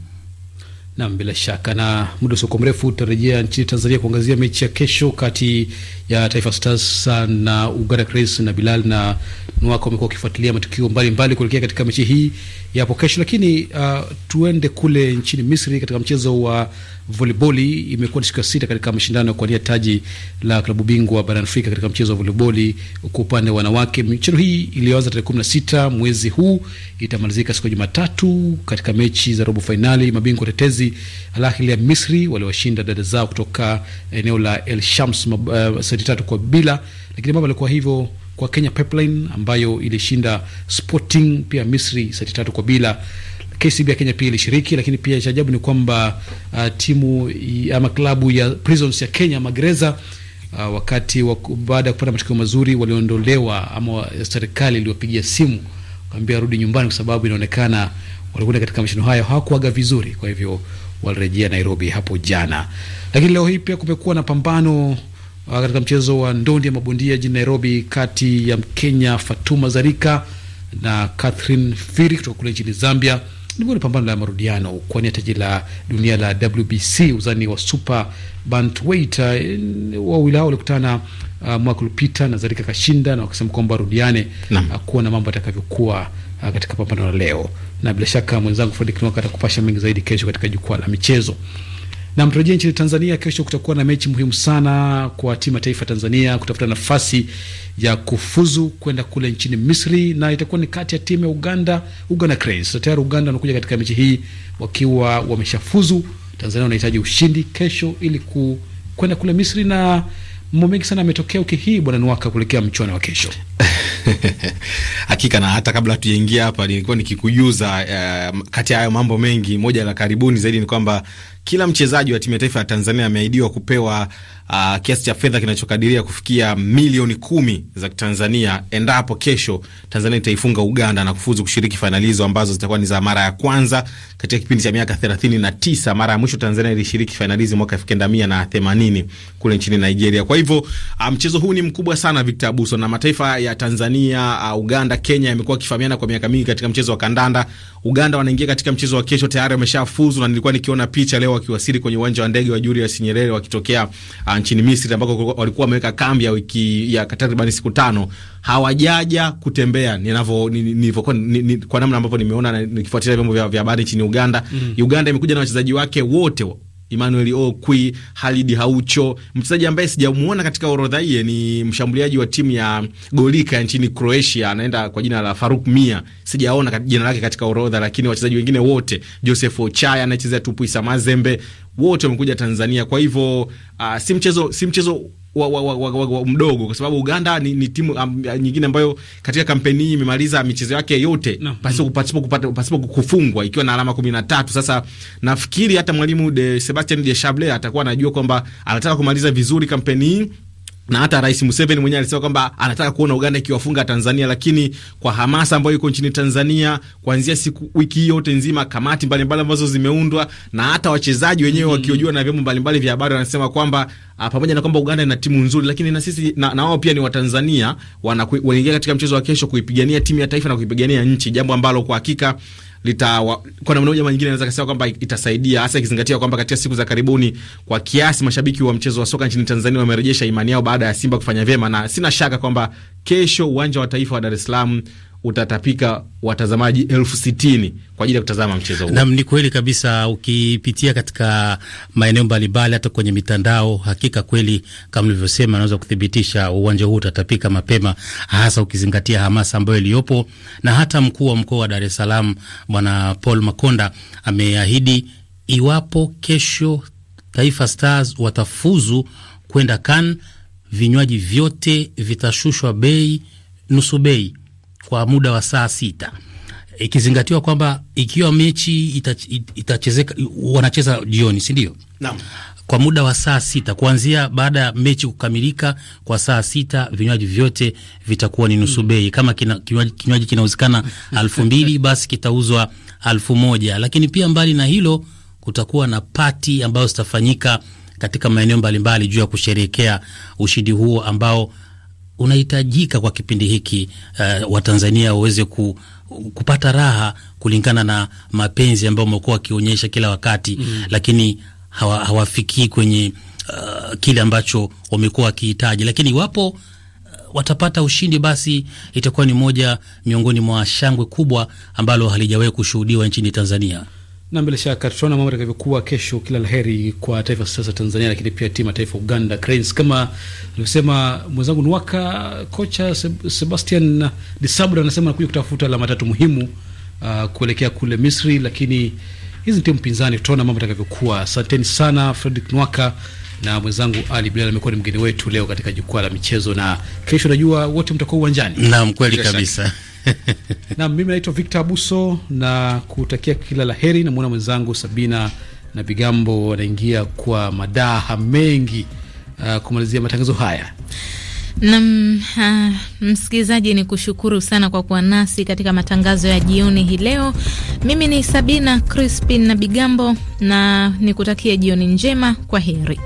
Nam, bila shaka na muda usoko mrefu utarejea nchini Tanzania kuangazia mechi ya kesho kati ya Taifa Stars na Uganda Cranes na Bilal na Nwako amekuwa akifuatilia matukio mbalimbali kuelekea katika mechi hii ya hapo kesho. Lakini uh, tuende kule nchini Misri katika mchezo wa voliboli. Imekuwa ni siku ya sita katika mashindano ya kuwania taji la klabu bingwa barani Afrika katika mchezo wa voliboli kwa upande wa wanawake. Michezo hii iliyoanza tarehe 16 mwezi huu itamalizika siku ya Jumatatu katika mechi za robo fainali. Mabingwa tetezi Al Ahly ya Misri waliwashinda dada zao kutoka eneo la El Shams uh, seti tatu kwa bila, lakini mambo yalikuwa hivyo kwa Kenya Pipeline ambayo ilishinda Sporting pia Misri seti tatu kwa bila. KCB ya Kenya pia ilishiriki, lakini pia cha ajabu ni kwamba uh, timu ama klabu ya Prisons ya Kenya magereza uh, wakati baada ya kupata matokeo mazuri waliondolewa, ama serikali iliwapigia simu kaambia rudi nyumbani, kwa sababu inaonekana walikuwa katika mashindano hayo hawakuaga vizuri, kwa hivyo walirejea Nairobi hapo jana. Lakini leo hii pia kumekuwa na pambano katika mchezo wa ndondi ya mabondia jijini Nairobi, kati ya Mkenya Fatuma Zarika na Catherine Firi kutoka kule nchini Zambia. Ndipo ni pambano la marudiano kuwania taji la dunia la WBC uzani wa super bantamweight. Eh, wawili hao walikutana uh, mwaka uliopita na Zarika kashinda, na wakasema kwamba warudiane uh, na mambo atakavyokuwa uh, katika pambano la leo, na bila shaka mwenzangu Fredrick Nwaka atakupasha mengi zaidi kesho katika jukwaa la michezo. Na mtarajia nchini Tanzania kesho kutakuwa na mechi muhimu sana kwa timu ya taifa Tanzania kutafuta nafasi ya kufuzu kwenda kule nchini Misri, na itakuwa ni kati ya timu ya Uganda, Uganda Cranes. So, tayari Uganda wanakuja katika mechi hii wakiwa wameshafuzu. Tanzania wanahitaji ushindi kesho ili ku, kwenda kule Misri, na mambo mengi sana ametokea wiki hii bwana Nwaka, kuelekea mchuano wa kesho Hakika, na hata kabla hatujaingia hapa nilikuwa nikikujuza uh, kati ya hayo mambo mengi, moja la karibuni zaidi ni kwamba kila mchezaji wa timu ya taifa ya Tanzania ameahidiwa kupewa uh, kiasi cha fedha kinachokadiria kufikia milioni kumi za Tanzania endapo kesho Tanzania itaifunga Uganda na kufuzu kushiriki fainali hizo ambazo zitakuwa ni za mara ya kwanza katika kipindi cha miaka 39. Mara ya mwisho Tanzania ilishiriki fainali hizo mwaka 1980 kule nchini Nigeria. Kwa hivyo ah, mchezo um, huu ni mkubwa sana Victor Abuso, na mataifa ya Tanzania, uh, Uganda, Kenya yamekuwa yakifahamiana kwa miaka mingi katika mchezo wa kandanda. Uganda wanaingia katika mchezo wa kesho tayari wameshafuzu, na nilikuwa nikiona picha leo wakiwasili kwenye uwanja wa ndege wa Julius Nyerere wakitokea uh, nchini Misri ambako walikuwa wameweka kambi ya wiki ya takriban siku tano, hawajaja kutembea ninavyo nilivyokuwa kwa namna ambavyo nimeona nikifuatilia vyombo vya habari nchini Uganda. Mm. Uganda imekuja na wachezaji wake wote Emmanuel Okwi, Halidi Haucho. Mchezaji ambaye sijamuona katika orodha hii ni mshambuliaji wa timu ya Golika ya nchini Croatia, anaenda kwa jina la Faruk Mia. Sijaona jina lake katika orodha, lakini wachezaji wengine wote, Joseph Ochaya anayechezea Tupuisa Mazembe, wote wamekuja Tanzania. Kwa hivyo uh, si mchezo si mchezo wa, wa, wa, wa, wa, mdogo kwa sababu Uganda ni, ni timu um, nyingine ambayo katika kampeni hii imemaliza michezo yake yote no. pasipo, mm-hmm. pasipo, pasipo kufungwa ikiwa na alama kumi na tatu. Sasa nafikiri hata mwalimu de Sebastian de chable atakuwa anajua kwamba anataka kumaliza vizuri kampeni hii na hata Rais Museveni mwenyewe alisema kwamba anataka kuona Uganda ikiwafunga Tanzania, lakini kwa hamasa ambayo iko nchini Tanzania kuanzia siku wiki yote nzima, kamati mbalimbali ambazo zimeundwa na hata wachezaji wenyewe mm, wakiojua na vyombo mbalimbali vya habari wanasema kwamba Ah, pamoja na kwamba Uganda ina timu nzuri, lakini na sisi na, na wao pia ni Watanzania wanaingia katika mchezo wa kesho kuipigania timu ya taifa na kuipigania nchi, jambo ambalo kwa hakika lita wa, kwa namna moja nyingine naweza kusema kwamba itasaidia hasa ikizingatia kwamba katika siku za karibuni kwa kiasi mashabiki wa mchezo wa soka nchini Tanzania wamerejesha imani yao baada ya Simba kufanya vyema, na sina shaka kwamba kesho uwanja wa taifa wa Dar es Salaam utatapika watazamaji elfu sitini kwa ajili ya kutazama mchezo huu. Naam, ni kweli kabisa. Ukipitia katika maeneo mbalimbali, hata kwenye mitandao, hakika kweli, kama nilivyosema, naweza kuthibitisha uwanja huu utatapika mapema, hasa ukizingatia hamasa ambayo iliyopo, na hata mkuu wa mkoa wa Dar es Salaam Bwana Paul Makonda ameahidi iwapo kesho Taifa Stars watafuzu kwenda CAN, vinywaji vyote vitashushwa bei nusu bei kwa muda wa saa sita ikizingatiwa kwamba ikiwa mechi itachezeka ita wanacheza jioni, si ndio? Naam, kwa muda wa saa sita kuanzia baada ya mechi kukamilika kwa saa sita, vinywaji vyote vitakuwa ni nusu hmm. bei. Kama kinywaji kinauzikana alfu mbili basi kitauzwa alfu moja. Lakini pia mbali na hilo, kutakuwa na pati ambayo zitafanyika katika maeneo mbalimbali juu ya kusherehekea ushindi huo ambao unahitajika kwa kipindi hiki uh, Watanzania waweze ku, kupata raha kulingana na mapenzi ambayo wamekuwa wakionyesha kila wakati mm. Lakini hawa, hawafikii kwenye uh, kile ambacho wamekuwa wakihitaji, lakini iwapo uh, watapata ushindi basi itakuwa ni moja miongoni mwa shangwe kubwa ambalo halijawahi kushuhudiwa nchini Tanzania. Na bila shaka tutaona mambo yatakavyokuwa kesho. Kila laheri kwa taifa sasa Tanzania, lakini pia timu taifa Uganda Cranes, kama alivyosema mwenzangu Nwaka, kocha Sebastian Disabra anasema anakuja kutafuta alama tatu muhimu uh, kuelekea kule Misri, lakini hizi ni timu pinzani, tutaona mambo yatakavyokuwa. Asanteni sana Fredrick Nwaka na mwenzangu Ali Bilal amekuwa ni mgeni wetu leo katika jukwaa la michezo, na kesho najua wote mtakuwa uwanjani. Naam, kweli kabisa. Naam, mimi naitwa Victor Abuso na kutakia kila la heri. Namwona mwenzangu Sabina na Bigambo wanaingia kwa madaha mengi uh, kumalizia matangazo haya. Nam uh, msikilizaji, ni kushukuru sana kwa kuwa nasi katika matangazo ya jioni hii leo. Mimi ni Sabina Crispin na Bigambo, na nikutakie jioni njema. Kwa heri.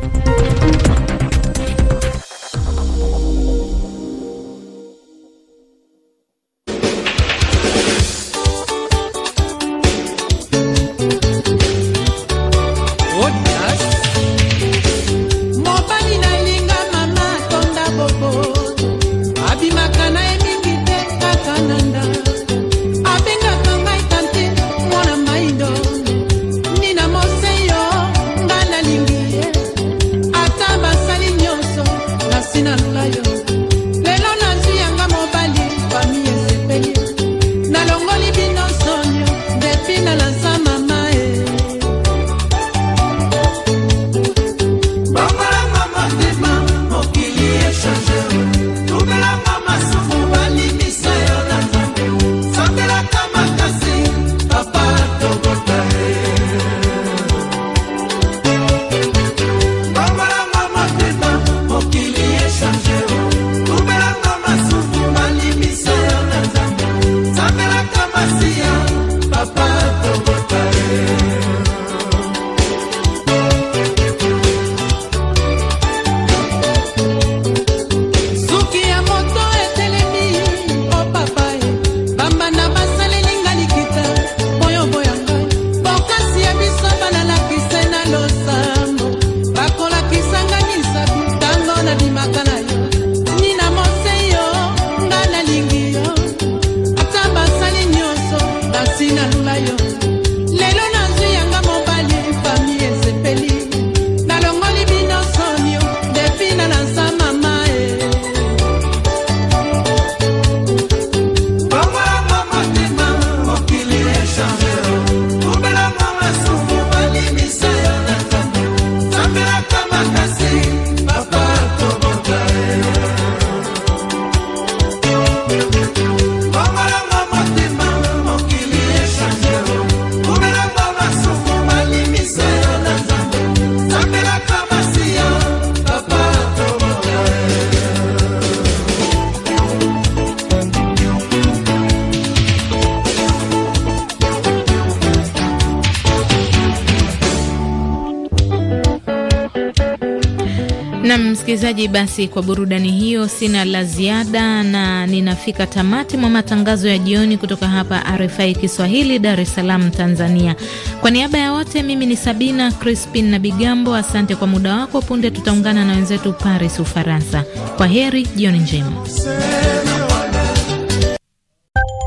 msikilizaji, basi kwa burudani hiyo sina la ziada, na ninafika tamati mwa matangazo ya jioni kutoka hapa RFI Kiswahili, Dar es Salaam, Tanzania. Kwa niaba ya wote, mimi ni Sabina Crispin na Bigambo. Asante kwa muda wako. Punde tutaungana na wenzetu Paris, Ufaransa. Kwa heri, jioni njema.